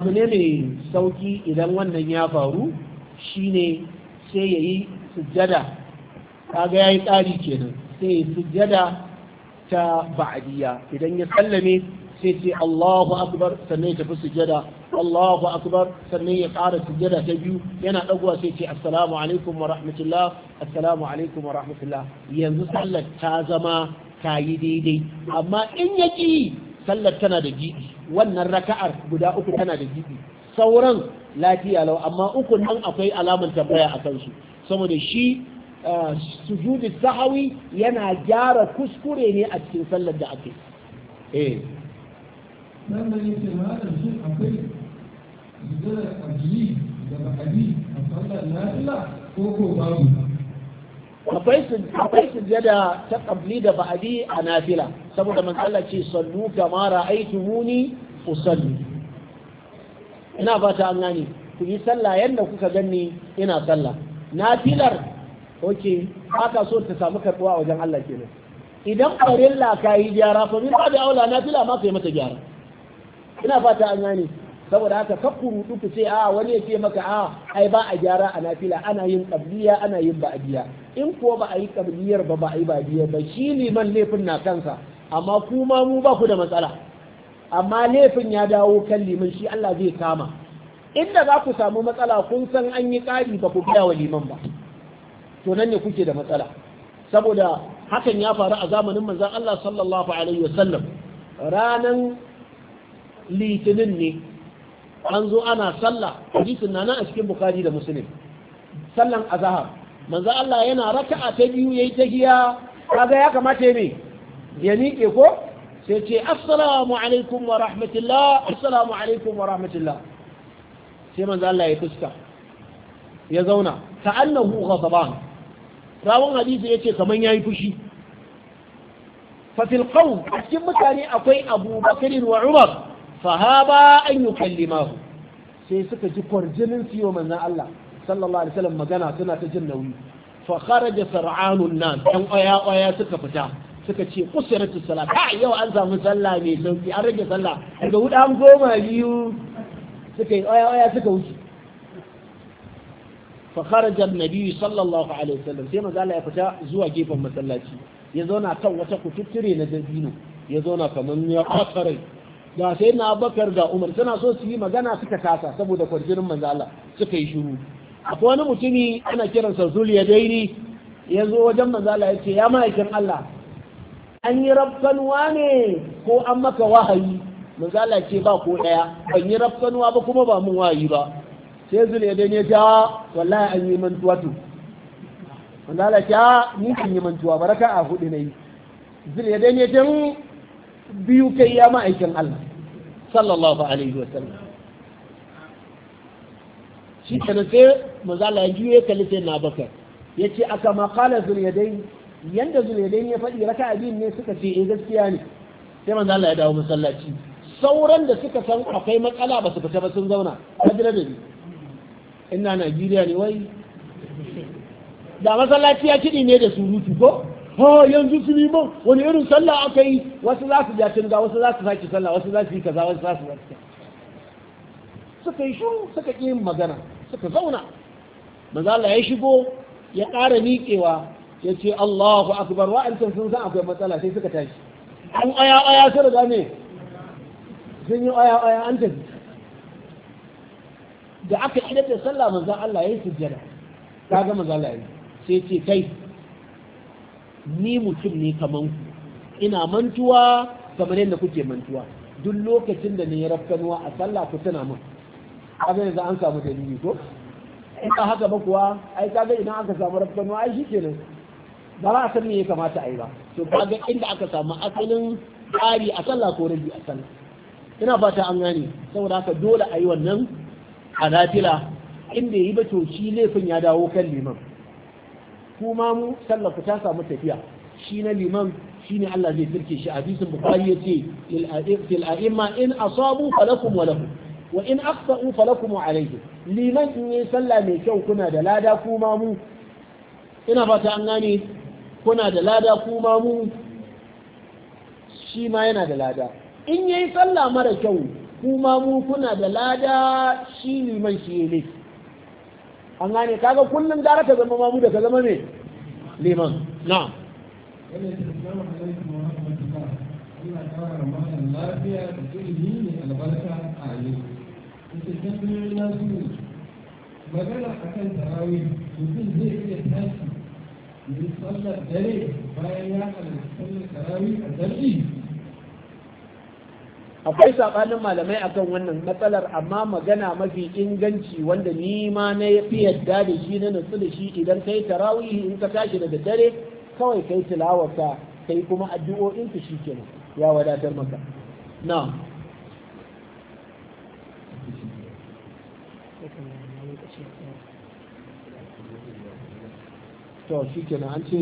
abu ne mai sauki idan wannan ya faru shine sai ya yi sujjada kaga ya yi tsari kenan sai ya sujjada ta ba'adiyya idan ya sallame sai ce Allahu akbar sannan ya tafi sujjada Allahu akbar sannan ya ƙara sujjada ta biyu yana ɗaguwa sai ce assalamu alaikum wa rahmatullah assalamu alaikum wa rahmatullah yanzu sallar ta zama ta yi daidai amma in ya ƙi sallar tana da gidi wannan raka'ar guda uku tana da gidi sauran lafiya lau amma uku nan akwai alamar tambaya a kansu saboda shi sujudi sahawi yana gyara kuskure ne a cikin sallar da ake eh nan da yake malam shi akwai sujudar abdi da ba'adi a sallar lafiya, ko ko babu akwai sujjada ta qabli da ba'adi a nafila saboda man Allah ce sallu kama ra'aytumuni usalli ina fata an gani, ku yi sallah yadda kuka ganni ina sallah nafilar oke aka so ta samu karbuwa wajen Allah ke nan, idan farilla ka yi gyara fa min ba'da aula nafila ma kai mata gyara ina fata an gani saboda haka kakkuru ku ce a ah, wani ya ce maka a ah, ai ba a gyara a nafila ana yin qabliya ana yin ba'diya in kuwa ba a yi kabliyar ba ba a yi biyar ba shi liman laifin na kansa amma kuma mu ba ku da matsala amma laifin ya dawo kan liman shi Allah zai kama inda za ku samu matsala kun san an yi ƙari ba ku gaya wa liman ba to nan ne kuke da matsala saboda hakan ya faru a zamanin manzon Allah sallallahu alaihi wasallam ranan litinin ne an zo ana sallah hadisin nan a cikin bukhari da muslim sallan azhar manzo Allah yana raka'a ta biyu yayi tahiya kaga ya kamata ya me ya miƙe ko sai ce assalamu alaikum wa rahmatullah assalamu alaikum wa rahmatullah sai manzo Allah ya fuska ya zauna ta'annahu ghadaban rawon hadisi yace kaman yayi fushi fa fil qawm cikin mutane akwai Abu Bakr wa Umar fa haba an yukallimahu sai suka ji kwarjinin siyo manzon Allah sallallahu alaihi wasallam magana suna ta jin nauyi fa kharaja sar'anun nan dan oya oya suka fita suka ce kusiratu salat kai yau an samu sallah mai sauki an rage sallah daga huɗu an goma biyu suka yi oya oya suka wuce fa kharaja annabi sallallahu alaihi wasallam sai maza Allah ya fita zuwa gefen masallaci ya zauna kan wata kututture na dabino ya zauna kaman ya kwasarai da sai na bakar da umar suna so su yi magana suka kasa saboda kwarjinin manzo Allah suka yi shiru akwai wani mutumi ana kiransa zuliya daini ya zo wajen manzala ya ce ya ma'aikin Allah an yi rafkanuwa ne ko an maka wahayi manzala ce ba ko ɗaya ban yi rafkanuwa ba kuma ba mun wahayi ba sai zuliya daini ya ja wallahi an yi mantuwa to manzala ce ni kin yi mantuwa ba baraka a hudu na yi zuliya daini ya ce hmm, biyu kai ya ma'aikin Allah sallallahu alaihi wa sallam shi kenan sai mazala ya juye kalli sai na bakar ya ce aka makala zuliyadai yanda zuliyadai ya faɗi raka abin ne suka ce eh gaskiya ne sai mazala ya dawo masallaci sauran da suka san akwai matsala ba su fita ba sun zauna hajjira da ni ina najeriya ne wai da masallaci ya kiɗi ne da surutu ko ha yanzu su neman wani irin sallah aka yi wasu za su jatin ga wasu za su sake sallah wasu za su yi kaza wasu za su yi suka yi shu suka yi yin magana suka zauna maza Allah ya shigo ya ƙara miƙewa ya ce Allahu akbar wa'ancan sun san akwai matsala sai suka tashi an aya aya sun riga ne sun yi aya aya an tafi da aka idar da sallah maza Allah ya yi sujjada kaga manzo Allah ya sai ce kai ni mutum ne kamar ku ina mantuwa kamar yadda kuke mantuwa duk lokacin da ne ya rafkanuwa a sallah ku tana mun abin da an samu dalili ko in ba haka ba kuwa ai kaga idan aka samu rafkanuwa ai kenan ba za a san me ya kamata a yi ba to kaga inda aka samu asalin ƙari a sallah ko rabi a sallah ina fata an gane saboda haka dole a yi wannan a nafila inda yi ba to shi laifin ya dawo kan liman kuma mu sallah ku ta samu tafiya shi na liman shi ne Allah zai firke shi a hadisin ya yace lil a'imma in asabu falakum wa wa in akhta'u falakum alayhi liman in yi sallah mai kyau kuna da lada kuma mu ina fata an gane kuna da lada kuma mu shi ma yana da lada in yayi sallah mara kyau kuma mu kuna da lada shi liman shi ne an gane kaga kullum gara ka zama mamu da ka zama ne liman na'am lafiya da ilimi ne albarka a yau fitattun birnin nasu magana a kan tarawih mutum zai iya tashi yi sallar dare bayan ya halarci sallar tarawih a zarfi akwai saɓanin malamai akan wannan matsalar amma magana mafi inganci wanda ni ma na fi yadda da shi na nutsu da shi idan kai tarawih in ka tashi daga dare kawai kai tilawarka kai kuma addu'o'in su shikenan ya wadatar maka na'am to shi kenan an ce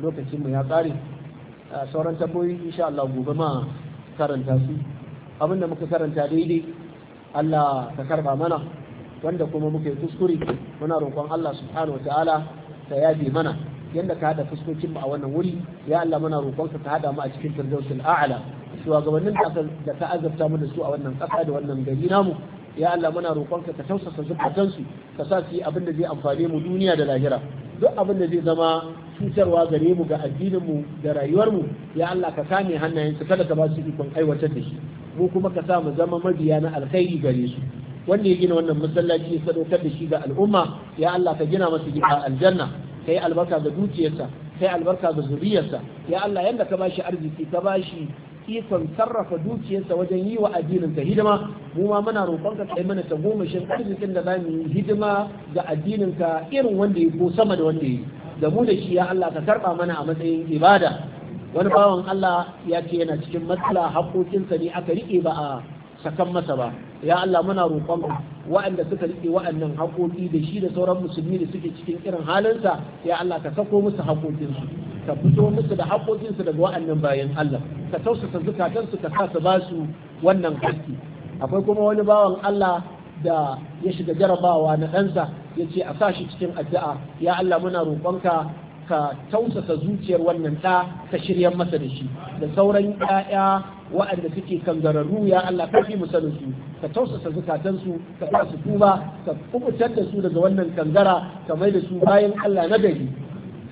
lokacin mu ya A sauran tambayoyi insha Allah gobe ma karanta su abin da muka karanta daidai Allah ka karba mana wanda kuma muka yi kuskure muna roƙon Allah subhanahu wataala ta yabe mana yanda ka hada fuskokin mu a wannan wuri ya Allah muna roƙon ka hada mu a cikin firdausul a'la shugabannin da ka azabta mu da su a wannan ƙasa da wannan gari namu ya Allah muna roƙonka ka tausasa zukatansu ka sa su yi abin da zai amfane mu duniya da lahira duk abin da zai zama cutarwa gare mu ga addininmu da rayuwarmu ya Allah ka kame hannayensu kada ka ba su ikon aiwatar da shi mu kuma ka sa mu zama mabiya na alkhairi gare su wanda ya gina wannan masallaci ya sadaukar da shi ga al'umma ya Allah ka gina masa gida aljanna kai albarka ga dukiyarsa kai albarka ga zuriyarsa ya Allah yanda ka bashi arziki ka bashi ikon sarrafa dukiyarsa wajen yi wa addininsa hidima mu ma muna ka kai mana ta goma shin arzikin da zamu yi hidima ga addininka irin wanda ya ko sama da wanda ya da mu da shi ya Allah ka karba mana a matsayin ibada wani bawan Allah ya ce yana cikin matsala haƙoƙinsa ne aka riƙe ba a sakan masa ba ya Allah muna roƙonka waɗanda suka riƙe waɗannan haƙoƙi da shi da sauran musulmi da suke cikin irin halinsa ya Allah ka sako musu haƙoƙinsu ka fito musu da haƙoƙinsu daga wa'annan bayan Allah ka tausasa zukatansu ka kasa ba su wannan haƙƙi akwai kuma wani bawan Allah da ya shiga jarabawa na ɗansa ya ce a sa shi cikin addu'a ya Allah muna roƙonka ka tausasa zuciyar wannan ɗa ka shirya masa da shi da sauran ƴaƴa waɗanda suke kangararru ya Allah ka fi musanin su ka tausasa zukatansu ka kasa su tuba ka kubutar da su daga wannan kangara ka mai da su bayan Allah na gari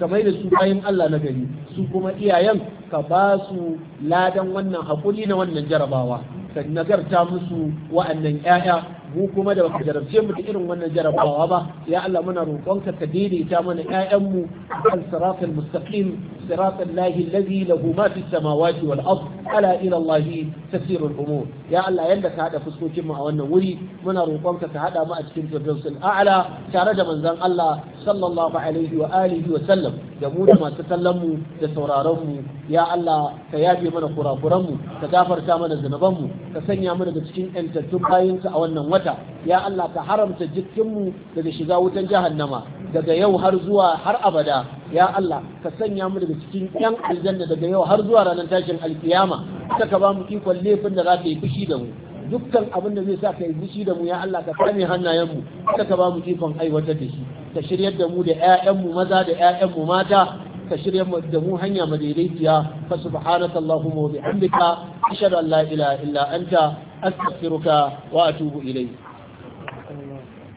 ka mai da su bayan Allah na gari su kuma iyayen ka ba su ladan wannan haƙuri na wannan jarabawa ka nagarta musu wa'annan 'ya'ya mu kuma da baka jarabce mu da irin wannan jarabawa ba ya Allah muna roƙonka ka daidaita mana ƴaƴan mu al siratal mustaqim siratal lahi allazi lahu ma fis samawati wal ard ala ila allahi tasiru al umur ya Allah yanda ka hada fuskokin mu a wannan wuri muna roƙonka ka hada mu a cikin firdausul a'la tare da manzon Allah sallallahu alaihi wa alihi wa sallam da mu da masu kallon mu da sauraron mu ya Allah ka yafe mana kurakuran mu ka gafarta mana zinaban mu ka sanya mu daga cikin ƴantattun bayinka a wannan wata tabbata ya Allah ka haramta jikinmu daga shiga wutan jahannama daga yau har zuwa har abada ya Allah ka sanya mu daga cikin yan aljanna daga yau har zuwa ranar tashin alkiyama ka ka ba mu ikon laifin da za ka yi fushi da mu dukkan abin da zai sa ka yi fushi da mu ya Allah ka kame hannayenmu ka ka ba mu ikon aiwatar da shi ka shiryar da mu da 'ya'yanmu maza da 'ya'yanmu mata ka shirya da mu hanya madaidaiciya fa subhanaka allahumma wa bihamdika ashhadu an la ilaha illa anta astaghfiruka wa atubu ilayk